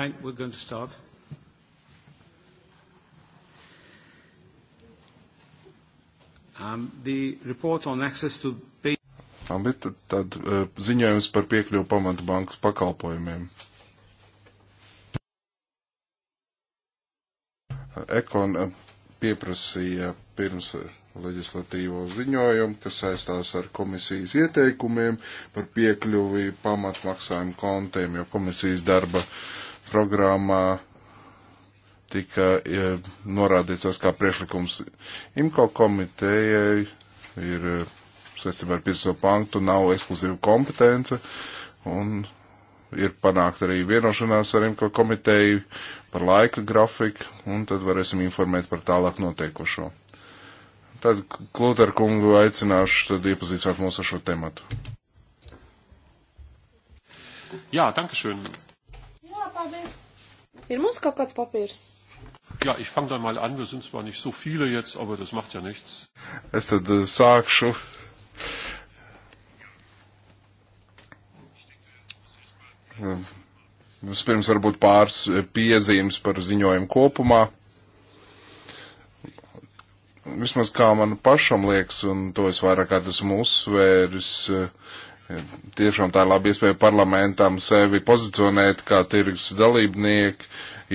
Fine, we're going to start. Um, the report on access to Bet tad, tad uh, ziņojums par piekļuvu pamatu bankas pakalpojumiem. Ekon uh, pieprasīja pirms leģislatīvo ziņojumu, kas saistās ar komisijas ieteikumiem par piekļuvi pamatmaksājumu kontiem, jo komisijas darba uh, programmā tika ja, e, norādīts tas kā priešlikums IMCO komitejai ir e, saistībā ar 5. punktu nav ekskluzīva kompetence un ir panākt arī vienošanās ar IMCO komiteju par laika grafiku un tad varēsim informēt par tālāk notiekošo. Tad Klūter kungu aicināšu tad iepazīstināt mūs ar šo tematu. Jā, danke schön. Ir mums kaut kāds papīrs? Jā, ich fange dann mal an, wir sind zwar nicht so viele jetzt, aber das macht ja nichts. Es tad uh, sākšu. Vispirms varbūt pāris eh, piezīmes par ziņojumu kopumā. Vismaz kā man pašam liekas, un to es vairāk kārt esmu uzsvēris, uh, Tiešām tā ir laba iespēja parlamentam sevi pozicionēt kā tirgus dalībnieku,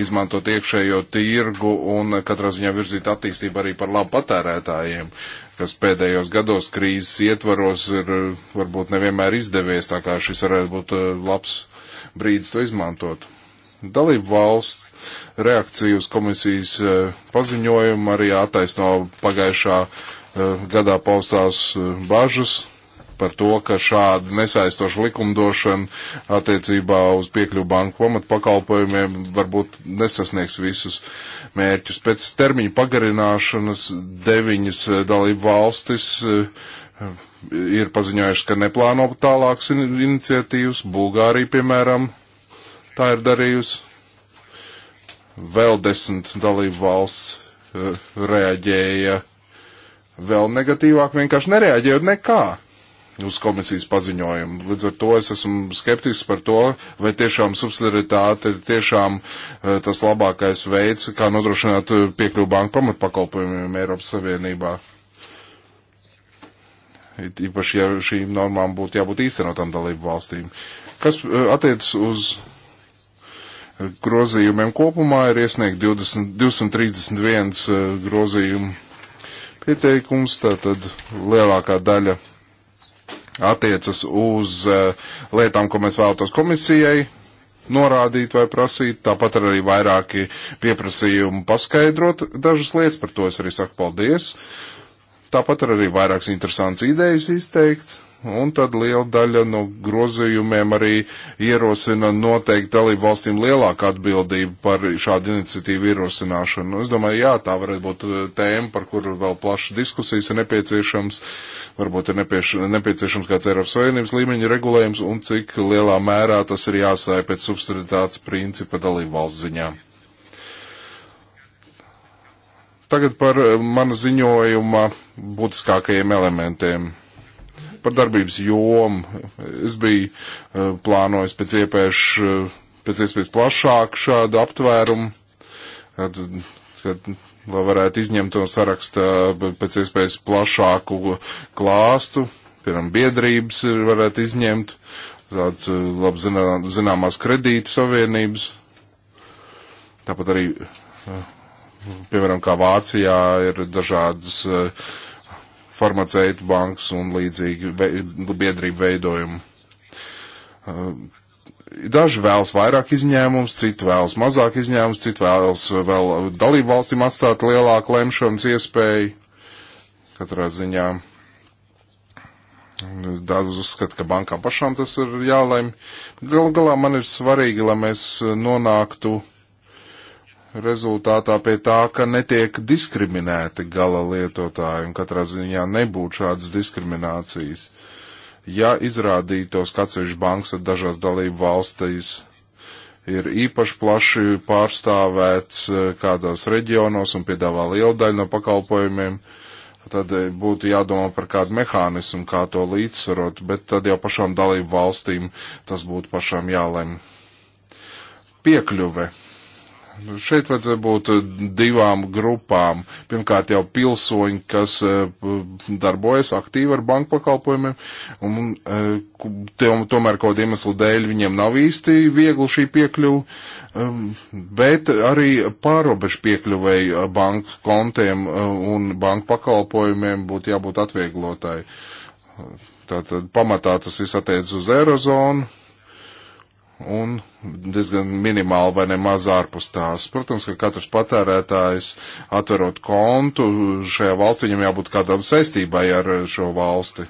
izmantot iekšējo tirgu un katrā ziņā virzīt attīstību arī par labu patērētājiem, kas pēdējos gados krīzes ietvaros ir varbūt nevienmēr izdevies, tā kā šis varētu būt eh, labs brīdis to izmantot. Dalību valsts reakcija uz komisijas eh, paziņojumu arī attaisno pagājušā eh, gadā paustās bažas par to, ka šāda nesaistoša likumdošana attiecībā uz piekļuvu banku pamatpakalpojumiem varbūt nesasniegs visus mērķus. Pēc termiņa pagarināšanas deviņas eh, dalību valstis eh, ir paziņojušas, ka neplāno tālākas iniciatīvas. Bulgārija, piemēram, tā ir darījusi. Vēl desmit dalību valsts eh, reaģēja vēl negatīvāk, vienkārši nereaģējot nekā uz komisijas paziņojumu. Līdz ar to es esmu skeptisks par to, vai tiešām subsidiaritāte ir tiešām eh, tas labākais veids, kā nodrošināt eh, piekļuvu banku pamatpakalpojumiem Eiropas Savienībā. It, īpaši, ja šīm normām būtu jābūt īstenotām dalību valstīm. Kas eh, attiec uz grozījumiem kopumā, ir iesniegt 20, 231 grozījumu pieteikums, tātad lielākā daļa attiecas uz eh, lietām, ko mēs vēlamies komisijai norādīt vai prasīt. Tāpat arī vairāki pieprasījumi paskaidrot dažas lietas, par to es arī saku paldies. Tāpat arī vairākas interesantas idejas izteikts un tad liela daļa no grozījumiem arī ierosina noteikti dalību valstīm lielāku atbildību par šādu iniciatīvu ierosināšanu. Nu, es domāju, jā, tā varētu būt uh, tēma, par kuru vēl plašas diskusijas ir nepieciešams, varbūt ir nepieš, nepieciešams kāds Eiropas Savienības līmeņa regulējums un cik lielā mērā tas ir jāsāja pēc subsiditātes principa dalību valsts ziņā. Tagad par uh, mana ziņojuma būtiskākajiem elementiem par darbības jomu. Es biju eh, plānojis pēc iepēš, eh, pēc iespējas plašāk šādu aptvērumu, kad, kad, lai varētu izņemt to saraksta pēc iespējas plašāku klāstu, piemēram, biedrības varētu izņemt, tāds eh, labi zinā, zināmās kredīta savienības. Tāpat arī, piemēram, kā Vācijā ir dažādas uh, farmaceitu bankas un līdzīgi biedrību veidojumu. Uh, daži vēlas vairāk izņēmumus, citi vēlas mazāk izņēmumus, citi vēlas vēl dalību valstīm atstāt lielāku lemšanas iespēju. Katrā ziņā uh, daudz uzskata, ka bankām pašām tas ir jālēm. Galu galā man ir svarīgi, lai mēs uh, nonāktu uh, rezultātā pie tā, ka netiek diskriminēti gala lietotāji un katrā ziņā nebūtu šādas diskriminācijas. Ja izrādītos, ka atsevišķi bankas ar dažās dalību valstīs ir īpaši plaši pārstāvēts eh, kādos reģionos un piedāvā lielu daļu no pakalpojumiem, tad eh, būtu jādomā par kādu mehānismu, kā to līdzsvarot, bet tad jau pašām dalību valstīm tas būtu pašām jālem. Piekļuve Nu, šeit vajadzētu būt eh, divām grupām. Pirmkārt jau pilsoņi, kas eh, darbojas aktīvi ar banku pakalpojumiem, un eh, tomēr kaut iemeslu dēļ viņiem nav īsti viegli šī piekļuva, um, bet arī pārobežu piekļuvēji banku kontiem un banku pakalpojumiem būtu jābūt atvieglotāji. Tātad pamatā tas viss attiec uz Eirozonu un diezgan minimāli vai nemaz ārpus tās. Protams, ka katrs patērētājs atverot kontu šajā valstī, viņam jābūt kādam saistībai ar šo valsti.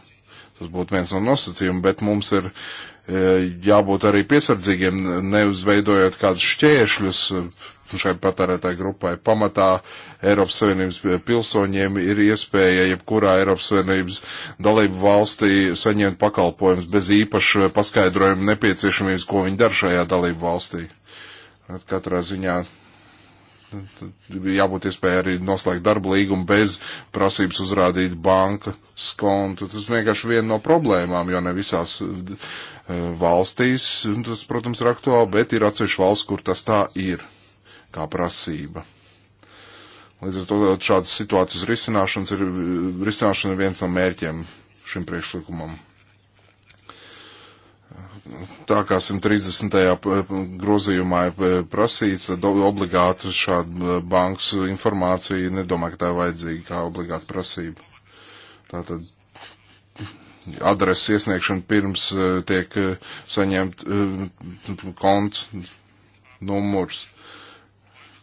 Tas būtu viens no nosacījumiem, bet mums ir e, jābūt arī piesardzīgiem, neuzveidojot kādus šķēršļus šai patērētāju grupai. Pamatā Eiropas Savienības pilsoņiem ir iespēja jebkurā Eiropas Savienības dalību valstī saņemt pakalpojumus bez īpaša paskaidrojuma nepieciešamības, ko viņi dara šajā dalību valstī. Katrā ziņā jābūt iespēja arī noslēgt darba līgumu bez prasības uzrādīt bankas kontu. Tas vienkārši viena no problēmām, jo ne visās eh, valstīs tas, protams, ir aktuāli, bet ir atsevišķi valsts, kur tas tā ir kā prasība. Līdz ar to šādas situācijas risināšanas ir, risināšana ir viens no mērķiem šim priekšlikumam. Tā kā 130. grozījumā ir prasīts, tad obligāti šāda e, bankas informācija nedomāju, ka tā ir vajadzīga kā obligāta prasība. Tātad adreses iesniegšana pirms e, tiek e, saņemt konts numurs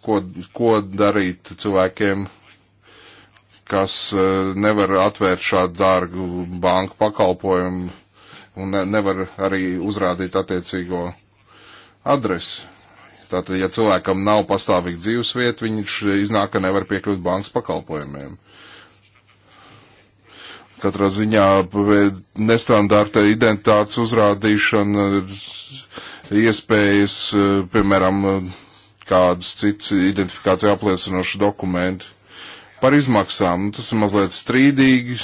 ko, ko darīt cilvēkiem, kas eh, nevar atvērt šādu dārgu banku pakalpojumu un nevar arī uzrādīt attiecīgo adresi. Tātad, ja cilvēkam nav pastāvīga dzīvesvieta, viņš iznāk, ka nevar piekļūt bankas pakalpojumiem. Katrā ziņā eh, nestandarta identitātes uzrādīšana, iespējas, eh, piemēram, kādas citas identifikācija apliecinošas dokumenti. Par izmaksām nu, tas ir mazliet strīdīgi,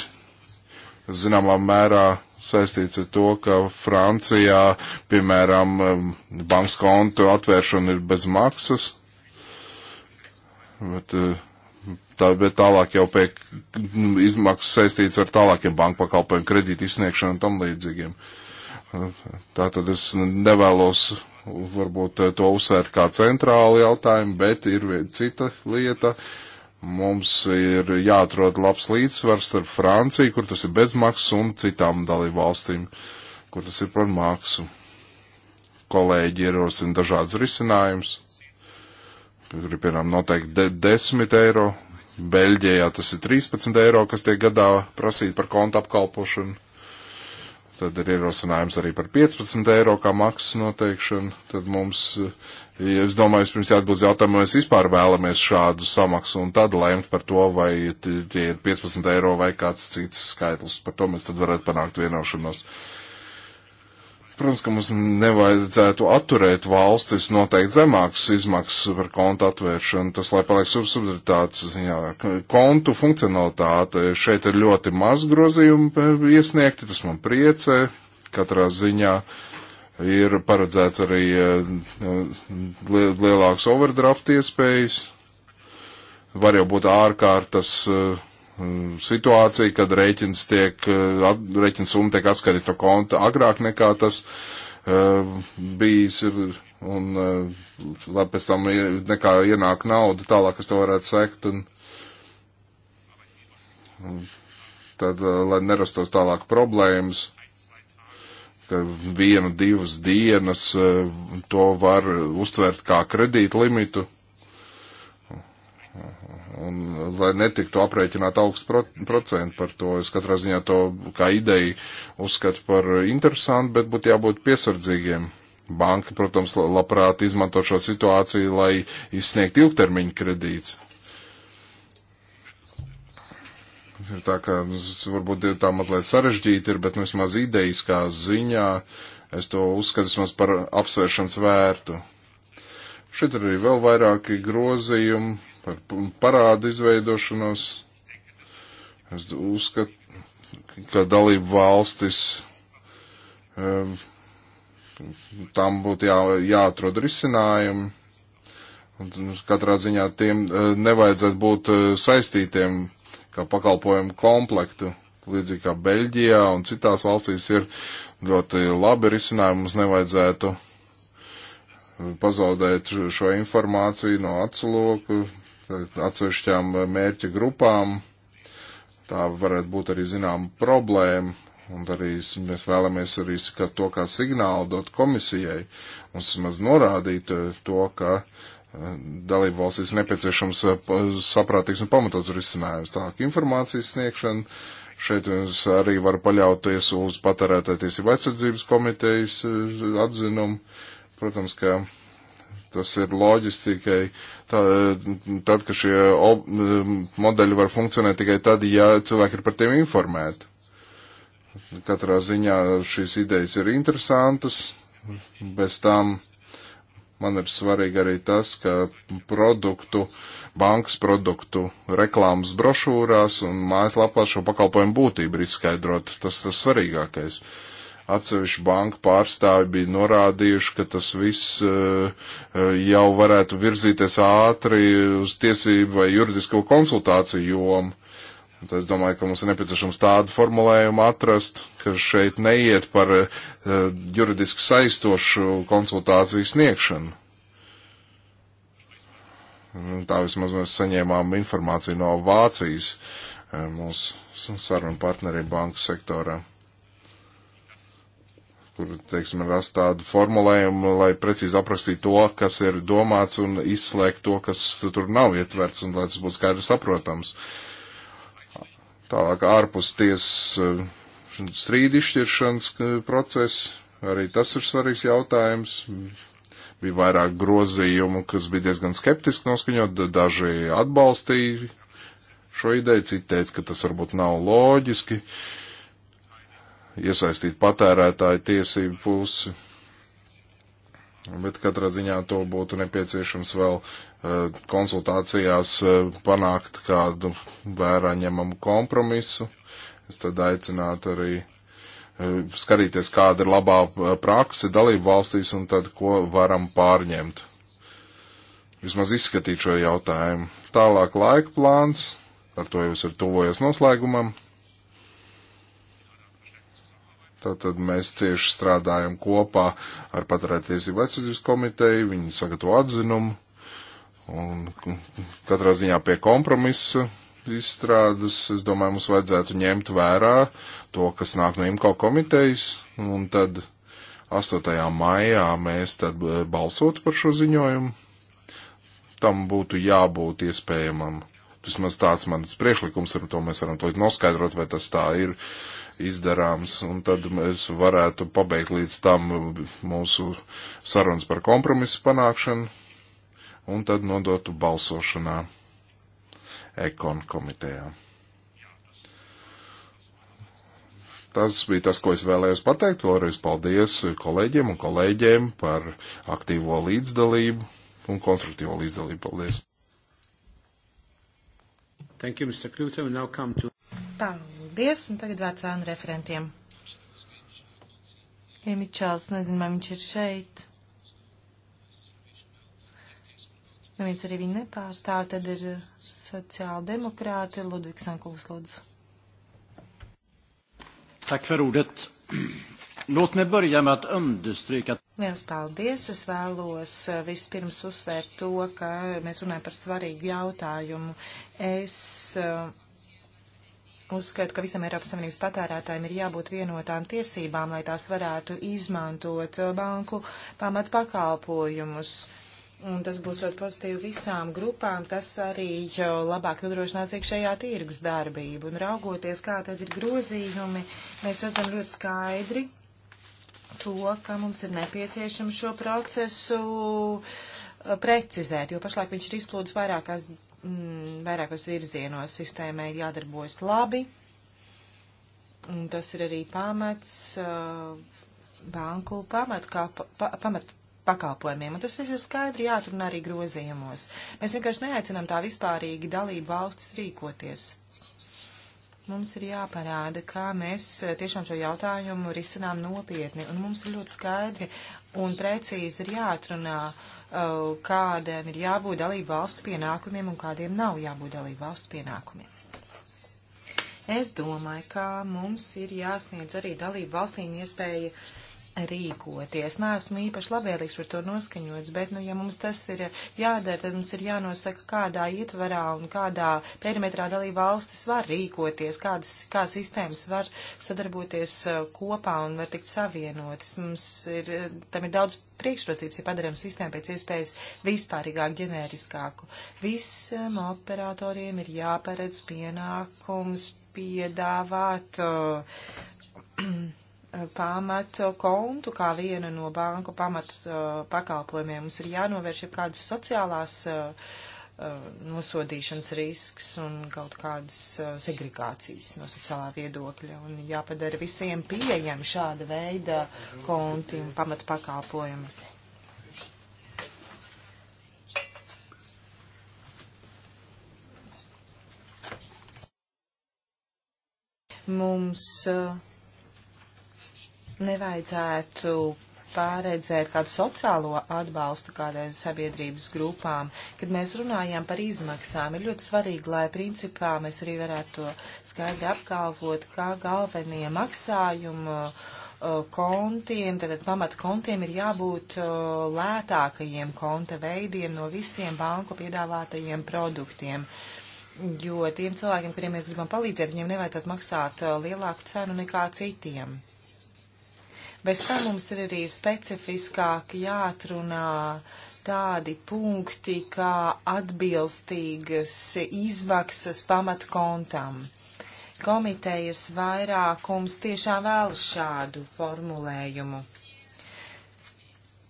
zināmā mērā saistīts ar to, ka Francijā, piemēram, um, bankas kontu atvēršana ir bez maksas, bet, uh, tā, bet tālāk jau pie nu, izmaksas saistīts ar tālākiem banku pakalpojumu kredītu izsniegšanu un tam līdzīgiem. Uh, tā tad es nevēlos varbūt eh, to uzsvērt kā centrālu jautājumu, bet ir cita lieta. Mums ir jāatrod labs līdzsvars starp Franciju, kur tas ir bezmaksas, un citām dalību valstīm, kur tas ir par maksu. Kolēģi ierosina dažādas risinājumus. Tur ir, piemēram, noteikti de 10 eiro. Beļģijā tas ir 13 eiro, kas tiek gadā prasīt par konta apkalpošanu Tad ir ierosinājums arī par 15 eiro kā maksas noteikšanu. Tad mums, ja eh, es domāju, pirms jāatbūs jautājumu, vai mēs vispār vēlamies šādu samaksu un tad lemt par to, vai tie ir 15 eiro vai kāds cits skaitlis. Par to mēs tad varētu panākt vienošanos. Uh, Protams, ka mums nevajadzētu atturēt valstis noteikti zemākas izmaksas par kontu atvēršanu, tas lai paliek subsidiaritātes ziņā. Kontu funkcionalitāte šeit ir ļoti maz grozījumu iesniegti, tas man priecē. Katrā ziņā ir paredzēts arī eh, lielāks overdraft iespējas. Var jau būt ārkārtas. Uh, Mm, situācija, kad rēķins tiek, eh, rēķins summa tiek atskaitīta no konta agrāk nekā tas uh, bijis ir, un uh, eh, labi pēc tam nekā ienāk nauda, tālāk es to varētu sekt, un, un tad, uh, lai nerastos tālāk problēmas, ka vienu, divas dienas to var uztvert kā kredītlimitu. limitu Un, lai netiktu aprēķināt augsts procentu par to, es katrā ziņā to kā ideju uzskatu par interesantu, bet būtu jābūt piesardzīgiem. Banka, protams, labprāt izmanto šo situāciju, lai izsniegtu ilgtermiņu kredīts. Ir tā, ka varbūt tā mazliet sarežģīta ir, bet nu, vismaz idejiskā ziņā es to uzskatu vismaz par apsvēršanas vērtu. Šeit ir arī vēl vairāki grozījumi, par parādu izveidošanos. Es uzskatu, ka dalību valstis um, tam būtu jā, jāatrod risinājumi. Un nu, katrā ziņā tiem uh, nevajadzētu būt uh, saistītiem kā pakalpojumu komplektu. Līdzīgi kā Beļģijā un citās valstīs ir ļoti labi risinājumi, mums nevajadzētu pazaudēt šo informāciju no atsloku, atsevišķām eh, mērķa grupām. Tā varētu būt arī zinām problēma, un arī mēs vēlamies arī skat to kā signālu dot komisijai, un maz norādīt eh, to, ka eh, dalību valstīs nepieciešams saprātīgs un pamatots risinājums. Tālāk informācijas sniegšana. Šeit es arī varu paļauties uz patērētāju tiesību aizsardzības komitejas atzinumu. Protams, ka Tas ir loģiski tikai tā, tad, ka šie ob, modeļi var funkcionēt tikai tad, ja cilvēki ir par tiem informēti. Katrā ziņā šīs idejas ir interesantas. Bez tam man ir svarīgi arī tas, ka produktu, bankas produktu reklāmas brošūrās un mājaslapās šo pakalpojumu būtību ir izskaidrot. Tas tas svarīgākais. Uh, Atsevišķi banku pārstāvi bija norādījuši, ka tas viss e, e, jau varētu virzīties ātri uz tiesību vai juridisko konsultāciju jomu. Es domāju, ka mums ir nepieciešams tādu formulējumu atrast, ka šeit neiet par uh, juridiski saistošu konsultāciju sniegšanu. Tā vismaz mēs saņēmām informāciju no Vācijas mūsu sarunu partneriem banku sektorā kur, teiksim, rast tādu formulējumu, lai precīzi aprakstītu to, kas ir domāts un izslēgt to, kas tur nav ietverts un lai tas būtu skaidri saprotams. Tālāk ārpus tiesas eh, strīdi izšķiršanas eh, process, arī tas ir svarīgs jautājums. Bija vairāk grozījumu, kas bija diezgan skeptiski noskaņot, daži atbalstīja šo ideju, citi teica, ka tas varbūt nav loģiski. Uh, iesaistīt patērētāju tiesību pusi. Bet katrā ziņā to būtu nepieciešams vēl eh, konsultācijās eh, panākt kādu vērā ņemamu kompromisu. Es tad aicinātu arī eh, skatīties, kāda ir labā prakse dalību valstīs un tad, ko varam pārņemt. Vismaz izskatīt šo jautājumu. Tālāk laika plāns, ar to jau es ir tuvojies noslēgumam. Tātad mēs cieši strādājam kopā ar Paturētiesību aizsardzības komiteju, viņi sagatavo atzinumu un katrā ziņā pie kompromisa izstrādes. Es domāju, mums vajadzētu ņemt vērā to, kas nāk no IMCO komitejas, un tad 8. maijā mēs tad balsotu par šo ziņojumu. Tam būtu jābūt iespējamam. Vismaz tāds mans priekšlikums, ar to mēs varam to noskaidrot, vai tas tā ir. Uh, izdarāms, un tad mēs varētu pabeigt līdz tam mūsu sarunas par kompromisu panākšanu, un tad nodotu balsošanā ekon komitejā. Tas bija tas, ko es vēlējos pateikt. Vēlreiz paldies kolēģiem un kolēģiem par aktīvo līdzdalību un konstruktīvo līdzdalību. Paldies! Thank you, Mr. Kluter. We now come to... Paldies. Paldies, un tagad vārds ānu referentiem. Emičāls, nezinu, vai viņš ir šeit. Neviens arī viņu nepārstāv, tad ir sociāla demokrāti Ludvigs Ankulis Lodz. Tak för ordet. Låt mig börja med att understryka att Liels paldies! Es vēlos eh, vispirms uzsvērt to, ka mēs runājam par svarīgu jautājumu. Es uh, Uzskatu, ka visam Eiropas Savienības patērētājiem ir jābūt vienotām tiesībām, lai tās varētu izmantot banku pamatpakalpojumus. Un tas būs ļoti pozitīvi visām grupām, tas arī labāk nodrošinās iekšējā tirgus darbību. Un raugoties, kā tad ir grozījumi, mēs redzam ļoti skaidri to, ka mums ir nepieciešams šo procesu precizēt, jo pašlaik viņš ir izplūdis vairākās mm, vairākos virzienos sistēmai ir jādarbojas labi, un tas ir arī pamats uh, banku pamat, kā, pa, pamat pakalpojumiem, un tas viss ir skaidri jāatrunā arī grozījumos. Mēs vienkārši neaicinām tā vispārīgi dalību valstis rīkoties. Mums ir jāparāda, kā mēs eh, tiešām šo jautājumu risinām nopietni, un mums ir ļoti skaidri un precīzi ir jāatrunā, eh, kādiem ir jābūt dalību valstu pienākumiem un kādiem nav jābūt dalību valstu pienākumiem. Es domāju, ka mums ir jāsniedz arī dalību valstīm iespēja uh, rīkoties. Nāsmu īpaši labvēlīgs par to noskaņots, bet, nu, ja mums tas ir jādara, tad mums ir jānosaka, kādā ietvarā un kādā perimetrā dalība valstis var rīkoties, kādas, kā sistēmas var sadarboties uh, kopā un var tikt savienotas. Mums ir, uh, tam ir daudz priekšrocības, ja padaram sistēmu pēc iespējas vispārīgāk, ģenēriskāku. Visiem operatoriem ir jāparedz pienākums piedāvāt. Uh, Eh, pamatu kontu kā vienu no banku pamatu eh, pakalpojumiem. Mums ir jānovērš jau kādas sociālās eh, nosodīšanas risks un kaut kādas segregācijas no sociālā viedokļa. Un jāpadara visiem pieejami šāda veida konti un pamatu pakalpojumi. Mums uh, nevajadzētu pārredzēt kādu sociālo atbalstu kādai sabiedrības grupām. Kad mēs runājam par izmaksām, ir ļoti svarīgi, lai principā mēs arī varētu to skaidri apgalvot, kā galvenie maksājumu uh, kontiem, tātad pamat kontiem ir jābūt uh, lētākajiem konta veidiem no visiem banku piedāvātajiem produktiem. Jo tiem cilvēkiem, kuriem mēs gribam palīdzēt, viņiem nevajadzētu maksāt uh, lielāku cenu nekā citiem. Bez tam mums ir arī specifiskāk jāatrunā tādi punkti, kā atbilstīgas izmaksas pamatkontam. Komitejas vairākums tiešām vēlas šādu formulējumu.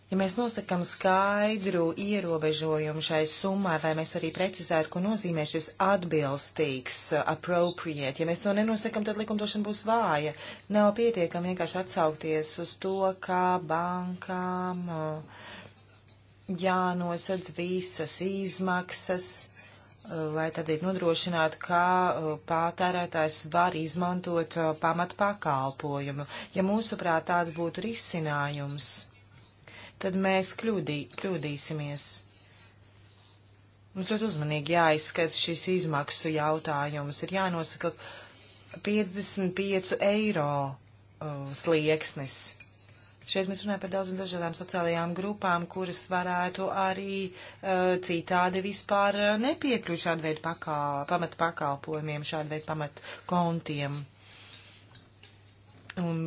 Ja mēs nosakam skaidru ierobežojumu šai summai, vai mēs arī precizētu, ko nozīmē šis atbilstīgs, uh, appropriate, ja mēs to nenosakam, tad likumdošana būs vāja. Nav pietiekami vienkārši atsaukties uz to, kā bankām uh, jānosadz visas izmaksas, uh, lai tad ir nodrošinātu, kā pātērētājs var izmantot pamatpakalpojumu. Ja mūsuprāt tāds būtu risinājums tad mēs kļūdī, kļūdīsimies. Mums ļoti uzmanīgi jāizskata šis izmaksu jautājums. Ir jānosaka 55 eiro uh, slieksnis. Šeit mēs runājam par daudz un dažādām sociālajām grupām, kuras varētu arī uh, citādi vispār uh, nepiekļūt šādu veidu pakal, pamat pakalpojumiem, šādu veidu pamat kontiem. Un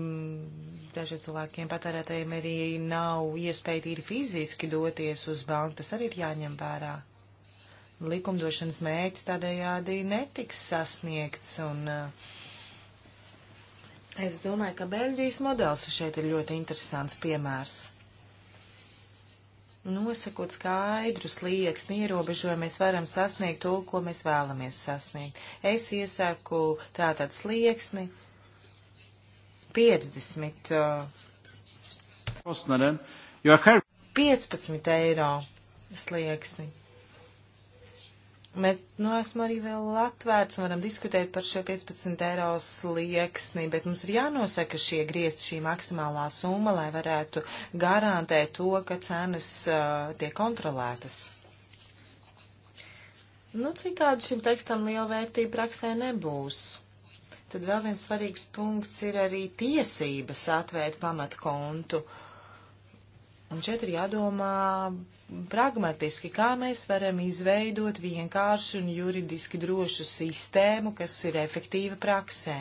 Dažiem cilvēkiem patērētājiem arī nav iespēja tīri fiziski doties uz banku, tas arī ir jāņem vērā. Likumdošanas mērķis tādējādi netiks sasniegts, un eh, es domāju, ka Beļģijas modelis šeit ir ļoti interesants piemērs. Nosakot skaidru slieksni ierobežojumu, mēs varam sasniegt to, ko mēs vēlamies sasniegt. Es iesaku tātad slieksni 50. Kostneren, jo her. 15 eiro slieksni. Bet, nu, esmu arī vēl atvērts un varam diskutēt par šo 15 eiro slieksni, bet mums ir jānosaka šie griezt šī maksimālā summa, lai varētu garantēt to, ka cenas uh, tiek kontrolētas. Nu, citādi šim tekstam liela vērtība praksē nebūs. Tad vēl viens svarīgs punkts ir arī tiesības atvērt pamatkontu. Un šeit ir jādomā pragmatiski, kā mēs varam izveidot vienkāršu un juridiski drošu sistēmu, kas ir efektīva praksē.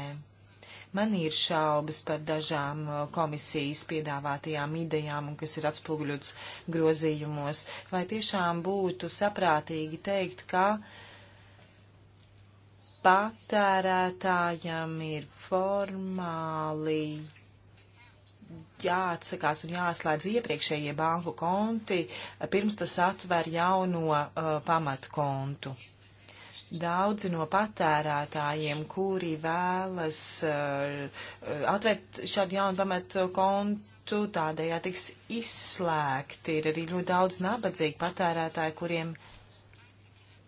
Man ir šaubas par dažām komisijas piedāvātajām idejām, un kas ir atspoguļots grozījumos. Vai tiešām būtu saprātīgi teikt, ka uh, patērētājam ir formāli jāatsakās un jāslēdz iepriekšējie banku konti, eh, pirms tas atver jauno uh, pamatkontu. Daudzi no patērētājiem, kuri vēlas uh, atvērt šādu jaunu pamatkontu, tādējā tiks izslēgti. Ir arī ļoti daudz nabadzīgi patērētāji, kuriem uh,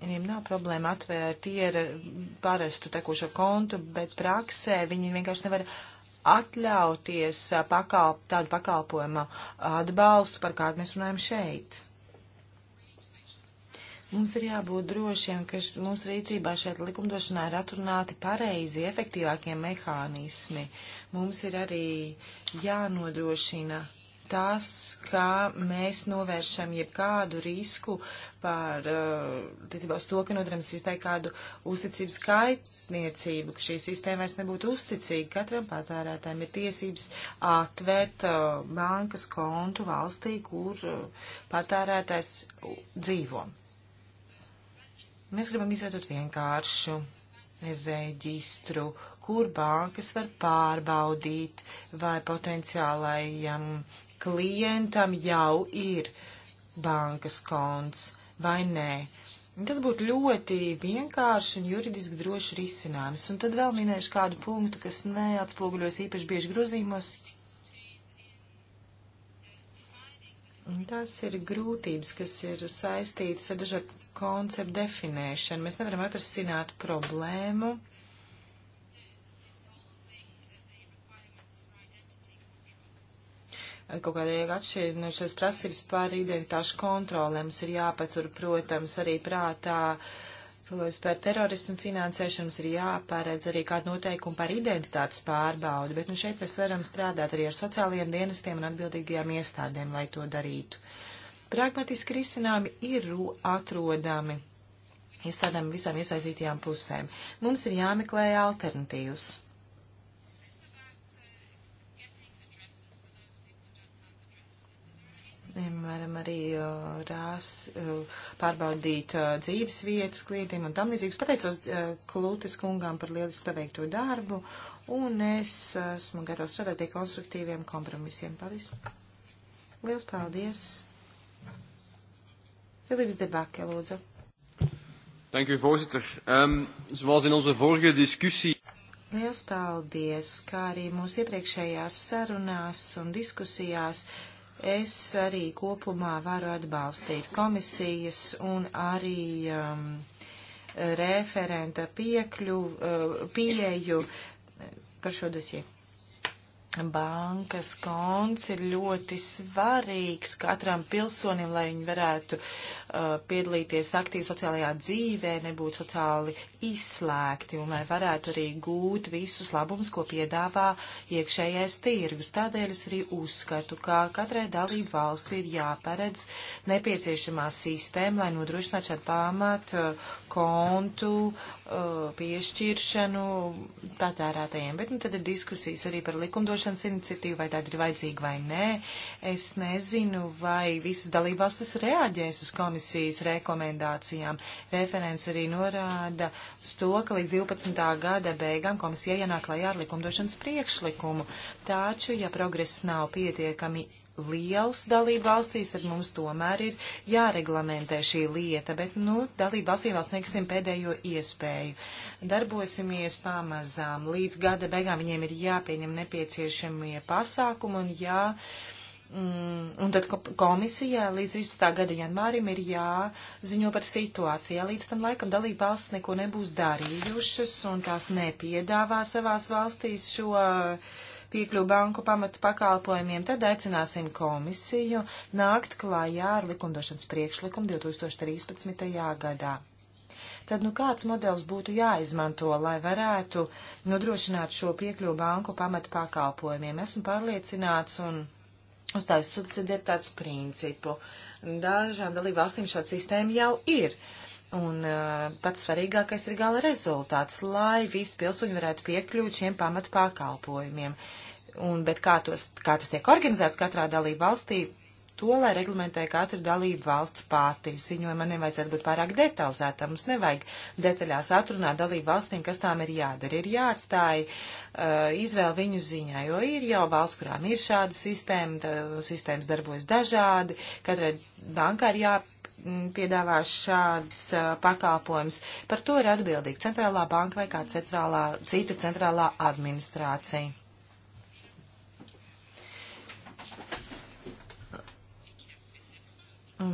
Viņiem nav problēma atvērt iera parastu tekošo kontu, bet praksē viņi vienkārši nevar atļauties pakalp, tādu pakalpojumu atbalstu, par kādu mēs runājam šeit. Mums ir jābūt drošiem, ka mūsu rīcībā šeit likumdošanā ir atrunāti pareizi, efektīvākie mehānismi. Mums ir arī jānodrošina tas, kā mēs novēršam jebkādu risku par, eh, ticībā, uz to, ka nodaram sistēmai kādu uzticības kaitniecību, ka šī sistēma vairs nebūtu uzticīga. Katram patērētājiem ir tiesības atvērt uh, bankas kontu valstī, kur uh, patērētājs dzīvo. Mēs gribam izveidot vienkāršu reģistru, kur bankas var pārbaudīt, vai potenciālajam klientam jau ir bankas konts vai nē. Tas būtu ļoti vienkārši un juridiski droši risinājums. Un tad vēl minēšu kādu punktu, kas neatspoguļos īpaši bieži grozījumos. Tas ir grūtības, kas ir saistītas ar dažādu konceptu definēšanu. Mēs nevaram atrasināt problēmu kaut kādai atšķirībai šīs prasības par identitāšu kontrolēm. Mums ir jāpatur, protams, arī prātā, protams, par terorismu finansēšanu mums ir jāpāredz arī kāda noteikuma par identitātes pārbaudi, bet nu šeit mēs varam strādāt arī ar sociālajiem dienestiem un atbildīgajām iestādēm, lai to darītu. Pragmatiski risinājumi ir atrodami iestādēm visām iesaistītajām pusēm. Mums ir jāmeklē alternatīvas Piemēram, arī rās pārbaudīt dzīves vietas klientiem un tam līdzīgs. Pateicos Klūtes kungām par lielisku paveikto darbu, un es esmu gatavs strādāt pie konstruktīviem kompromisiem. Paldies! Liels paldies! Filips Debakke, lūdzu. Dank u, voorzitter. Um, zoals in onze vorige discussie. Liels paldies, kā arī mūsu iepriekšējās sarunās un diskusijās. Uh, Es arī kopumā varu atbalstīt komisijas un arī um, referenta piekļu, uh, pieeju uh, par šo dosieku bankas konts ir ļoti svarīgs katram pilsonim, lai viņi varētu uh, piedalīties aktīvi sociālajā dzīvē, nebūtu sociāli izslēgti un lai varētu arī gūt visus labumus, ko piedāvā iekšējais tirgus. Tādēļ es arī uzskatu, ka katrai dalību valstī ir jāparedz nepieciešamā sistēma, lai nodrošinātu šādu pamatu uh, kontu Uh, piešķiršanu patērētajiem. Bet nu, tad ir diskusijas arī par likumdošanas iniciatīvu, vai tāda ir vajadzīga vai nē. Es nezinu, vai visas dalībvalstis reaģēs uz komisijas rekomendācijām. Referents arī norāda uz to, ka līdz 12. gada beigām komisija ienāk klajā ar likumdošanas priekšlikumu. Taču, ja progress nav pietiekami liels dalību valstīs, tad mums tomēr ir jāreglamentē šī lieta, bet, nu, dalību valstīm vēl sniegsim pēdējo iespēju. Darbosimies pamazām. Līdz gada beigām viņiem ir jāpieņem nepieciešamie pasākumi un jā. Mm, un tad komisijā līdz 13. gada janvārim ir jāziņo par situāciju. Līdz tam laikam dalība valsts neko nebūs darījušas un tās nepiedāvā savās valstīs šo uh, piekļuvu banku pamatu pakalpojumiem, tad aicināsim komisiju nākt klājā ar likumdošanas priekšlikumu 2013. gadā. Tad nu kāds modelis būtu jāizmanto, lai varētu nodrošināt šo piekļuvu banku pamatu pakalpojumiem? Esmu pārliecināts un uzstājas subsidiertāts principu. Dažām dalībvalstīm šāda sistēma jau ir. Uh, Un uh, pats svarīgākais ir gala rezultāts, lai visi pilsoņi varētu piekļūt šiem pamat pakalpojumiem. Un, bet kā, tos, kā tas tiek organizēts katrā dalību valstī, to, lai reglamentē katra dalība valsts pati. Ziņojumam nevajadzētu būt pārāk detalizētam. Mums nevajag detaļās atrunāt dalību valstīm, kas tām ir jādara. Ir jāatstāj uh, izvēle viņu ziņā, jo ir jau valsts, kurām ir šāda sistēma, tā, sistēmas darbojas dažādi, katrai bankā ir jāpārāk Mm, piedāvā šāds pakalpojums. Par to ir atbildīga centrālā banka vai kā centrālā, cita centrālā administrācija.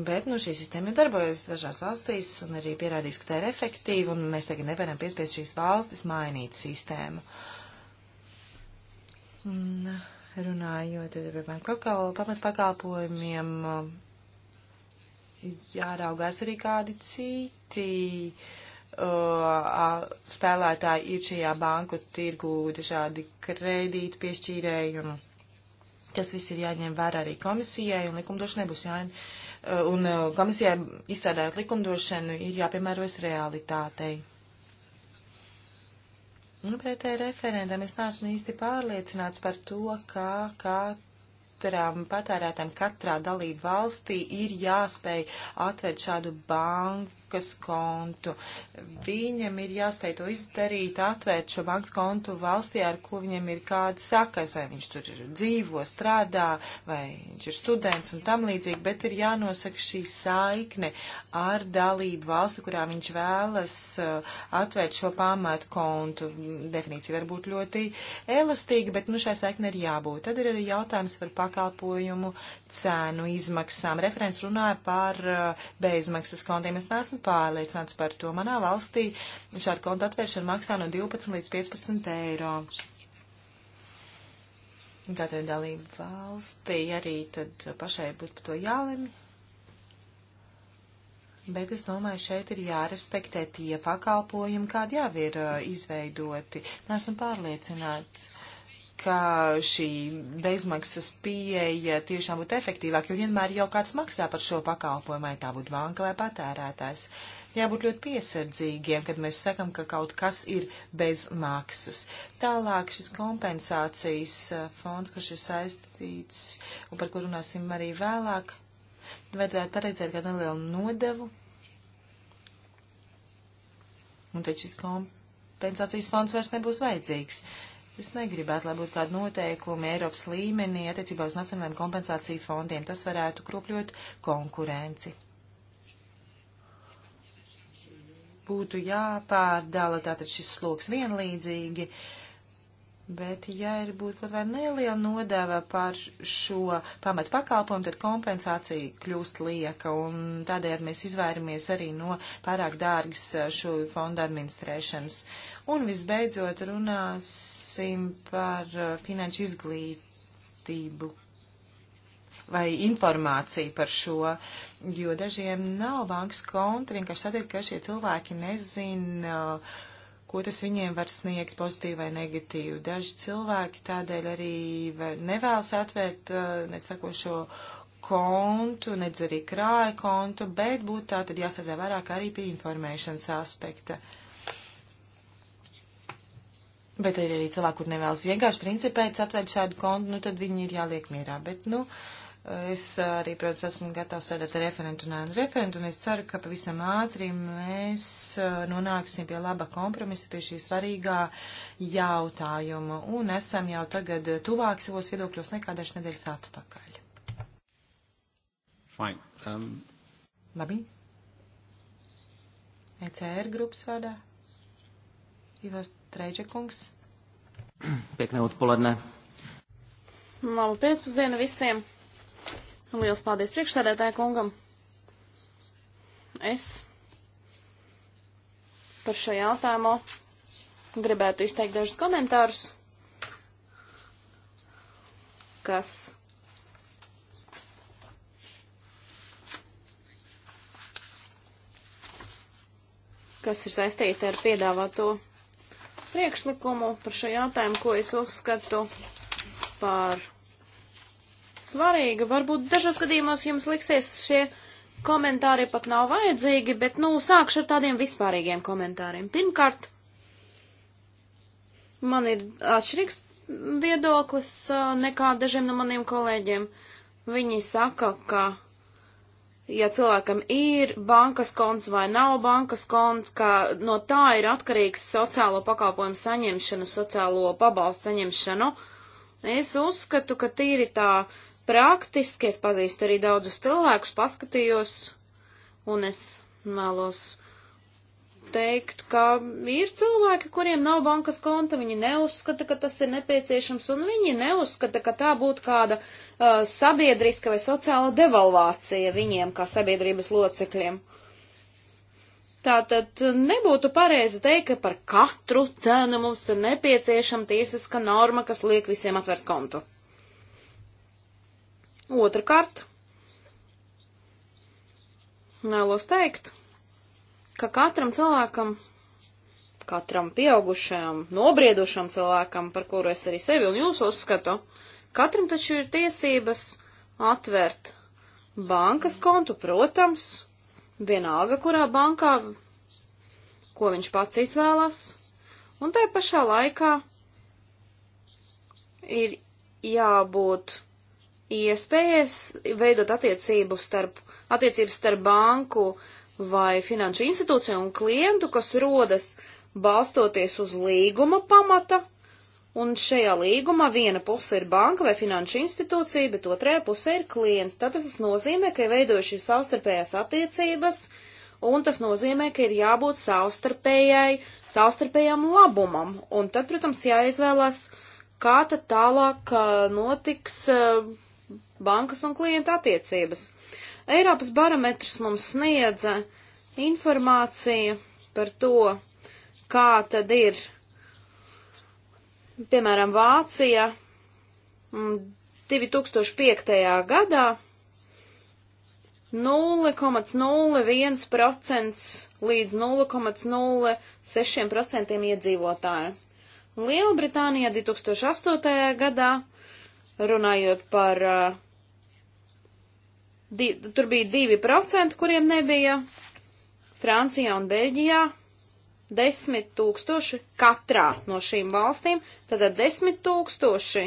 Bet nu, šī sistēma jau darbojas dažās valstīs un arī pierādījis, ka tā ir efektīva, un mēs tagad nevaram piespiest šīs valstis mainīt sistēmu. Un, runājot par pamatpakalpojumiem, jāraugās arī kādi citi uh, spēlētāji ir šajā banku tirgu, dažādi kredīti piešķīrēji, un tas viss ir jāņem vērā arī komisijai, un likumdošanai būs jā, uh, un uh, komisijai izstrādājot likumdošanu ir jāpiemērojas realitātei. Nu, pretēji referendam es neesmu īsti pārliecināts par to, kā, kā katram patērētājam katrā dalību valstī ir jāspēj atvērt šādu banku bankas kontu. Viņam ir jāspēj to izdarīt, atvērt šo bankas kontu valstī, ar ko viņam ir kāda sakas, vai viņš tur dzīvo, strādā, vai viņš ir students un tam līdzīgi, bet ir jānosaka šī saikne ar dalību valsti, kurā viņš vēlas uh, atvērt šo pamatu kontu. Definīcija var būt ļoti elastīga, bet nu šai saikne ir jābūt. Tad ir arī jautājums par pakalpojumu cēnu izmaksām. Referents runāja par uh, bezmaksas kontiem. Es neesmu esmu pārliecināts par to. Manā valstī šāda konta atvēršana maksā no 12 līdz 15 eiro. Katrai dalību valstī arī tad pašai būtu par to jālemj. Bet es domāju, šeit ir jārespektē tie pakalpojumi, kādi jau ir uh, izveidoti. Nesmu pārliecināts, ka šī bezmaksas pieeja tiešām būtu efektīvāka, jo vienmēr jau kāds maksā par šo pakalpojumu, vai tā būtu banka vai patērētājs. Jābūt ļoti piesardzīgiem, kad mēs sakam, ka kaut kas ir bez maksas. Tālāk šis kompensācijas eh, fonds, kurš ir saistīts un par kur runāsim arī vēlāk, vajadzētu paredzēt kādu nelielu nodevu. Un tad šis kompensācijas fonds vairs nebūs vajadzīgs. Uh, Es negribētu, lai būtu kādi noteikumi Eiropas līmenī attiecībā uz nacionālajiem kompensāciju fondiem. Tas varētu kropļot konkurenci. Būtu jāpārdala tātad šis sloks vienlīdzīgi. Uh, Bet, ja ir būt kaut vai neliela nodeva par šo pamatu pakalpojumu, tad kompensācija kļūst lieka, un tādēļ mēs izvairamies arī no pārāk dārgas šo fondu administrēšanas. Un visbeidzot runāsim par finanšu izglītību vai informāciju par šo, jo dažiem nav bankas konta, vienkārši tad, ka šie cilvēki nezina, uh, ko tas viņiem var sniegt pozitīvi vai negatīvi. Daži cilvēki tādēļ arī var, nevēlas atvērt uh, necakošo kontu, nedz arī krāja kontu, bet būtu tā tad jāstrādā vairāk arī pie informēšanas aspekta. Bet ir arī cilvēki, kur nevēlas vienkārši principēc atvērt šādu kontu, nu tad viņi ir jāliek mierā. Bet, nu, uh, Es arī, protams, esmu gatavs strādāt ar referentu un ar referentu, un es ceru, ka pavisam ātri mēs uh, nonāksim pie laba kompromisa, pie šī svarīgā jautājuma, un esam jau tagad tuvāk savos viedokļos nekā dažas nedēļas atpakaļ. Fine. Um... Labi. ECR grupas vārdā. Ivas Trejčekungs. Piekne atpoledne. Labu pēcpusdienu visiem. Liels paldies priekšsēdētāju kungam. Es par šo jautājumu gribētu izteikt dažus komentārus, kas kas ir saistīti ar piedāvāto priekšlikumu par šo jautājumu, ko es uzskatu par svarīga. Varbūt dažos gadījumos jums liksies šie komentāri pat nav vajadzīgi, bet, nu, sākšu ar tādiem vispārīgiem komentāriem. Pirmkārt, man ir atšķirīgs viedoklis nekā dažiem no maniem kolēģiem. Viņi saka, ka, ja cilvēkam ir bankas konts vai nav bankas konts, ka no tā ir atkarīgs sociālo pakalpojumu saņemšanu, sociālo pabalstu saņemšanu, es uzskatu, ka tīri tā praktiski, es pazīstu arī daudzus cilvēkus, paskatījos, un es mēlos teikt, ka ir cilvēki, kuriem nav bankas konta, viņi neuzskata, ka tas ir nepieciešams, un viņi neuzskata, ka tā būtu kāda uh, sabiedriska vai sociāla devalvācija viņiem kā sabiedrības locekļiem. Tātad nebūtu pareizi teikt, ka par katru cenu mums ir nepieciešama tiesiska norma, kas liek visiem atvērt kontu. Otrakārt, vēlos teikt, ka katram cilvēkam, katram pieaugušajam, nobriedušam cilvēkam, par kuru es arī sevi un jūs uzskatu, katram taču ir tiesības atvērt bankas kontu, protams, vienalga, kurā bankā, ko viņš pats izvēlas, un tai pašā laikā ir jābūt iespējas veidot attiecību starp, attiecības starp banku vai finanšu institūciju un klientu, kas rodas balstoties uz līguma pamata, un šajā līgumā viena puse ir banka vai finanšu institūcija, bet otrajā pusē ir klients. Tātad tas nozīmē, ka ir veidojuši savstarpējās attiecības, un tas nozīmē, ka ir jābūt savstarpējai, savstarpējam labumam, un tad, protams, jāizvēlas, kā tad tālāk uh, notiks uh, bankas un klienta attiecības. Eiropas barometrs mums sniedza informāciju par to, kā tad ir, piemēram, Vācija 2005. Mm, gadā 0,01% līdz 0,06% iedzīvotāju. Lielbritānijā 2008. gadā, runājot par uh, di, tur bija 2%, kuriem nebija. Francijā un Beļģijā 10 tūkstoši katrā no šīm valstīm, tad 10 tūkstoši,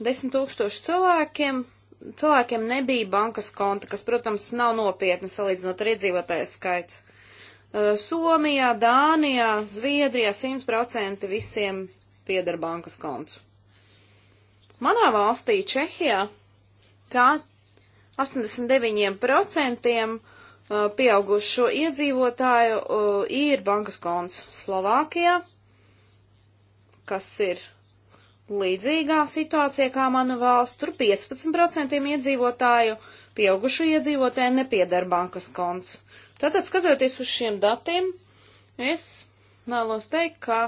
10 tūkstoši cilvēkiem, cilvēkiem nebija bankas konta, kas, protams, nav nopietni salīdzinot ar iedzīvotājas skaits. Somijā, Dānijā, Zviedrijā 100% visiem pieder bankas konts. Manā valstī, Čehijā, kā 89% uh, pieaugušo iedzīvotāju uh, ir bankas konts Slovākijā, kas ir līdzīgā situācija kā mana valsts. Tur 15% iedzīvotāju, pieaugušo iedzīvotāju nepiedara bankas konts. Tātad, skatoties uz šiem datiem, es vēlos teikt, ka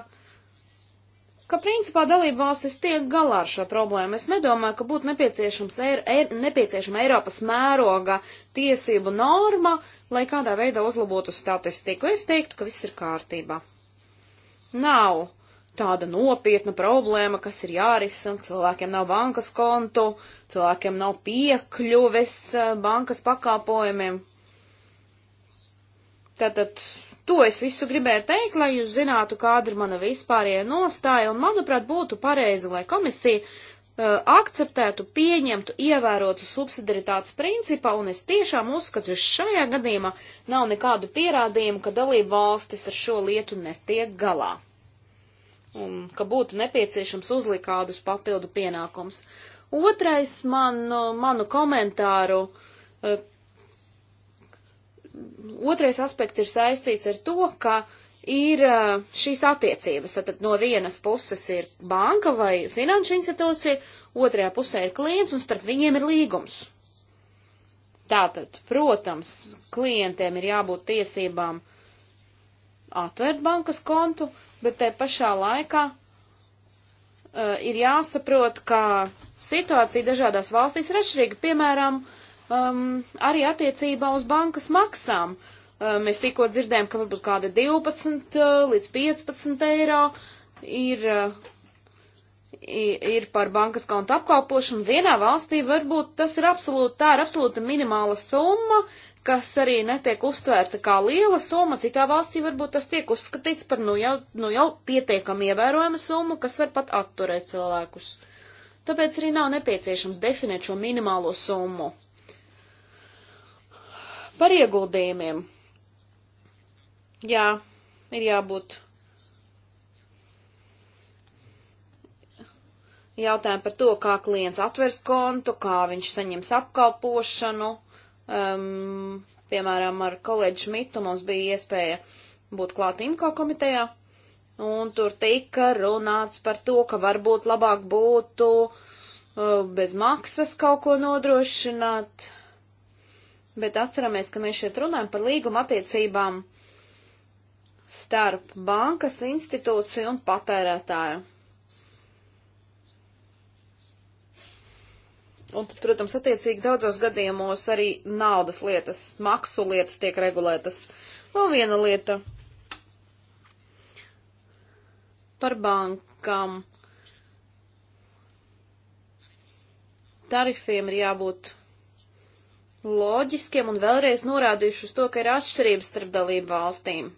ka principā dalība valstis tiek galā ar šo problēmu. Es nedomāju, ka būtu nepieciešams, eir, eir, nepieciešama Eiropas mēroga tiesību norma, lai kādā veidā uzlabotu statistiku. Es teiktu, ka viss ir kārtībā. Nav tāda nopietna problēma, kas ir jārisina. Cilvēkiem nav bankas kontu, cilvēkiem nav piekļuves eh, bankas pakāpojumiem. Tātad To es visu gribēju teikt, lai jūs zinātu, kāda ir mana vispārējā nostāja, un manuprāt, būtu pareizi, lai komisija uh, akceptētu, pieņemtu, ievērotu subsidiaritātes principa, un es tiešām uzskatu, ka šajā gadījumā nav nekādu pierādījumu, ka dalība valstis ar šo lietu netiek galā, un ka būtu nepieciešams uzlikt kādus papildu pienākums. Otrais man, uh, manu komentāru uh, otrais aspekts ir saistīts ar to, ka ir šīs attiecības. Tātad no vienas puses ir banka vai finanšu institūcija, otrajā pusē ir klients un starp viņiem ir līgums. Tātad, protams, klientiem ir jābūt tiesībām atvērt bankas kontu, bet te pašā laikā uh, ir jāsaprot, ka situācija dažādās valstīs ir atšķirīga. Piemēram, uh, um, arī attiecībā uz bankas maksām. Um, mēs tikko dzirdējām, ka varbūt kāda 12 uh, līdz 15 eiro ir, uh, ir par bankas kontu apkalpošanu. Vienā valstī varbūt tas ir absolūti, tā ir absolūta minimāla summa, kas arī netiek uztvērta kā liela summa, citā valstī varbūt tas tiek uzskatīts par nu jau, nu jau pietiekami ievērojama summa, kas var pat atturēt cilvēkus. Tāpēc arī nav nepieciešams definēt šo minimālo summu. Par ieguldījumiem. Jā, ir jābūt. Jautājumi par to, kā klients atvers kontu, kā viņš saņems apkalpošanu. Um, piemēram, ar kolēģi Šmitu mums bija iespēja būt klāt IMKO komitejā, un tur tika runāts par to, ka varbūt labāk būtu uh, bez maksas kaut ko nodrošināt. Uh, bet atceramies, ka mēs šeit runājam par līguma attiecībām starp bankas institūciju un patērētāju. Un tad, protams, attiecīgi daudzos gadījumos arī naudas lietas, maksu lietas tiek regulētas. Vēl viena lieta par bankām. Tarifiem ir jābūt loģiskiem un vēlreiz norādījuši uz to, ka ir atšķirības starp dalību valstīm.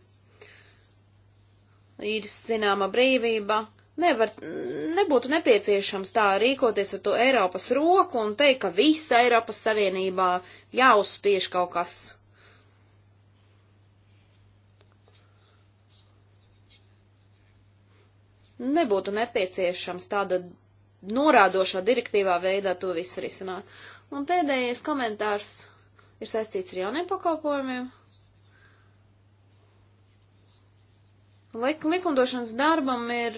Ir zināma brīvība, nevar, nebūtu nepieciešams tā rīkoties ar to Eiropas roku un teikt, ka visa Eiropas Savienībā jāuzspiež kaut kas. Nebūtu nepieciešams tāda norādošā direktīvā veidā to visu risināt. Un pēdējais komentārs ir saistīts ar jauniem pakalpojumiem. Lik likumdošanas darbam ir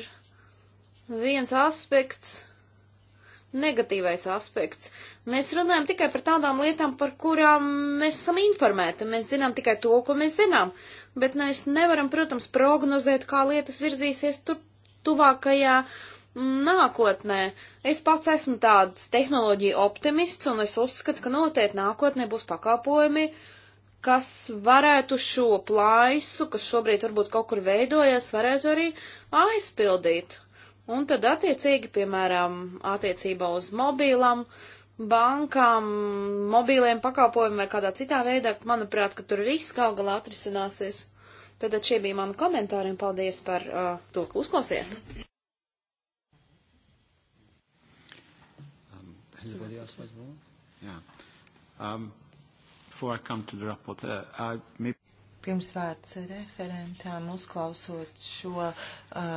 viens aspekts, negatīvais aspekts. Mēs runājam tikai par tādām lietām, par kurām mēs esam informēti. Mēs zinām tikai to, ko mēs zinām. Bet mēs nevaram, protams, prognozēt, kā lietas virzīsies tur tuvākajā uh, nākotnē. Es pats esmu tāds tehnoloģija optimists, un es uzskatu, ka noteikti nākotnē būs pakalpojumi, kas varētu šo plaisu, kas šobrīd varbūt kaut kur veidojas, varētu arī aizpildīt. Un tad attiecīgi, piemēram, attiecībā uz mobīlam, bankām, mobīliem pakalpojumiem vai kādā citā veidā, manuprāt, ka tur viss gal galā atrisināsies. Tātad šie bija mani komentāri un paldies par uh, to, ka uzklausījāt. Anybody else has more? Yeah. Um, before I come to the rapporteur, I may... Pirms vārds referentām uzklausot šo uh,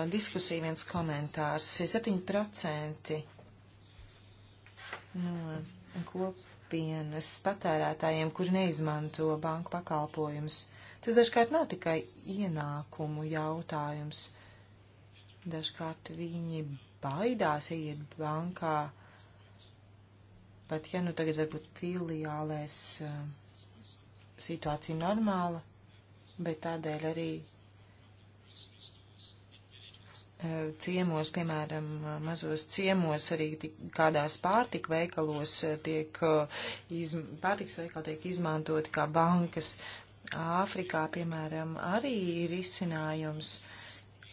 diskusiju viens komentārs. 7% no kopienas patērētājiem, kuri neizmanto banku pakalpojumus, tas dažkārt nav tikai ienākumu jautājums. Dažkārt viņi baidās iet bankā Bet, ja nu tagad varbūt filiālēs eh, situācija normāla, bet tādēļ arī eh, ciemos, piemēram, mazos ciemos, arī kādās pārtika veikalos eh, tiek, izm, pārtiks veikali tiek izmantoti kā bankas. Āfrikā, piemēram, arī ir izcinājums. Uh,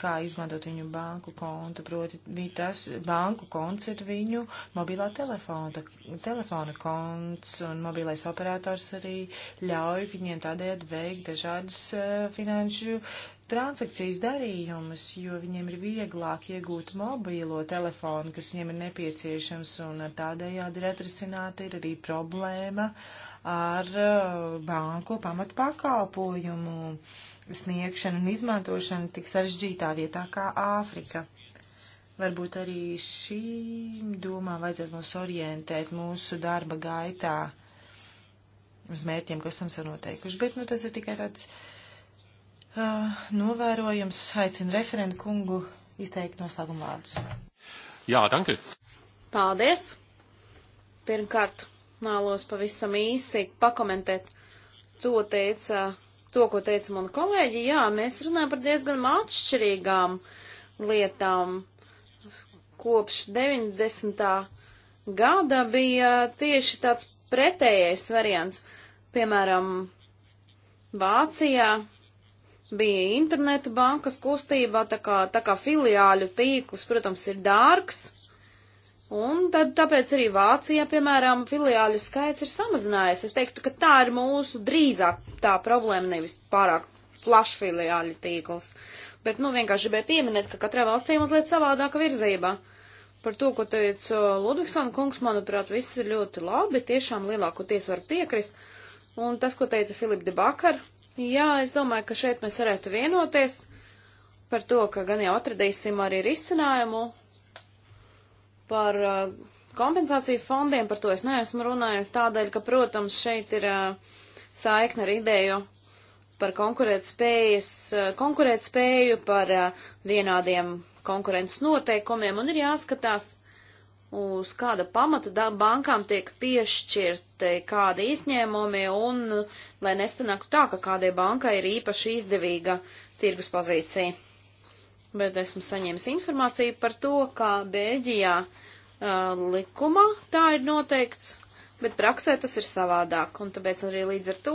kā izmantot viņu banku kontu. Proti, tas banku konts ir viņu mobilā telefona, telefona konts, un mobilais operators arī ļauj viņiem tādējādi veikt dažādas uh, finanšu transakcijas darījumus, jo viņiem ir vieglāk iegūt mobīlo telefonu, kas viņiem ir nepieciešams, un tādējādi ir atrisināta ir arī problēma ar uh, banku pamatpakalpojumu. Uh, sniegšana un izmantošana tik sarežģītā vietā kā Āfrika. Varbūt arī šīm domām vajadzētu mūs orientēt mūsu darba gaitā uz mērķiem, kas esam sev noteikuši. Bet nu, tas ir tikai tāds uh, novērojums. Aicinu referentu kungu izteikt noslēgumu vārdus. Jā, danke. Paldies. Pirmkārt, nālos pavisam īsi pakomentēt to teica to, ko teica mana kolēģi, jā, mēs runājam par diezgan atšķirīgām lietām. Kopš 90. gada bija tieši tāds pretējais variants. Piemēram, Vācijā bija interneta bankas kustībā, tā kā, tā kā filiāļu tīkls, protams, ir dārgs, Un tad tāpēc arī Vācijā, piemēram, filiāļu skaits ir samazinājies. Es teiktu, ka tā ir mūsu drīzāk tā problēma, nevis pārāk plašs filiāļu tīkls. Bet, nu, vienkārši gribēju pieminēt, ka katrai valstī ir mazliet savādāka virzība. Par to, ko teica Ludvigsona kungs, manuprāt, viss ir ļoti labi, tiešām lielākoties var piekrist. Un tas, ko teica Filipa de Bakar, jā, es domāju, ka šeit mēs varētu vienoties par to, ka gan jau atradīsim arī risinājumu, Par uh, kompensāciju fondiem par to es neesmu runājis tādēļ, ka, protams, šeit ir uh, saikne ar ideju par konkurētspējas, uh, konkurētspēju, par vienādiem konkurences noteikumiem un ir jāskatās, uz kāda pamata bankām tiek piešķirti kādi izņēmumi un lai nestanāktu tā, ka kādai bankai ir īpaši izdevīga tirgus pozīcija bet esmu saņēmis informāciju par to, ka Bēļģijā uh, likumā tā ir noteikts, bet praksē tas ir savādāk, un tāpēc arī līdz ar to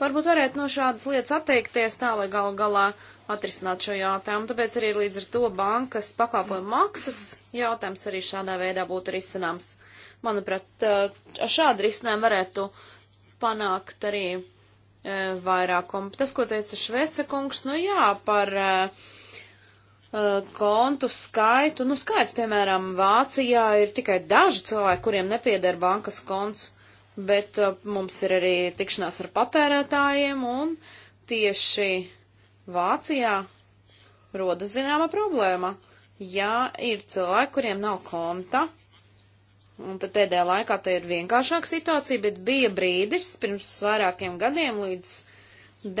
varbūt varētu no šādas lietas atteikties tā, lai galu galā atrisināt šo jautājumu. Tāpēc arī līdz ar to bankas pakalpojumu maksas jautājums arī šādā veidā būtu risināms. Manuprāt, ar šādu risinājumu varētu panākt arī e, vairākumu. Tas, ko teica Šveica kungs, nu jā, par e, Uh, kontu skaitu. Nu, skaits, piemēram, Vācijā ir tikai daži cilvēki, kuriem nepieder bankas konts, bet uh, mums ir arī tikšanās ar patērētājiem, un tieši Vācijā rodas zināma problēma. Ja ir cilvēki, kuriem nav konta, un tad pēdējā laikā tā ir vienkāršāka situācija, bet bija brīdis pirms vairākiem gadiem līdz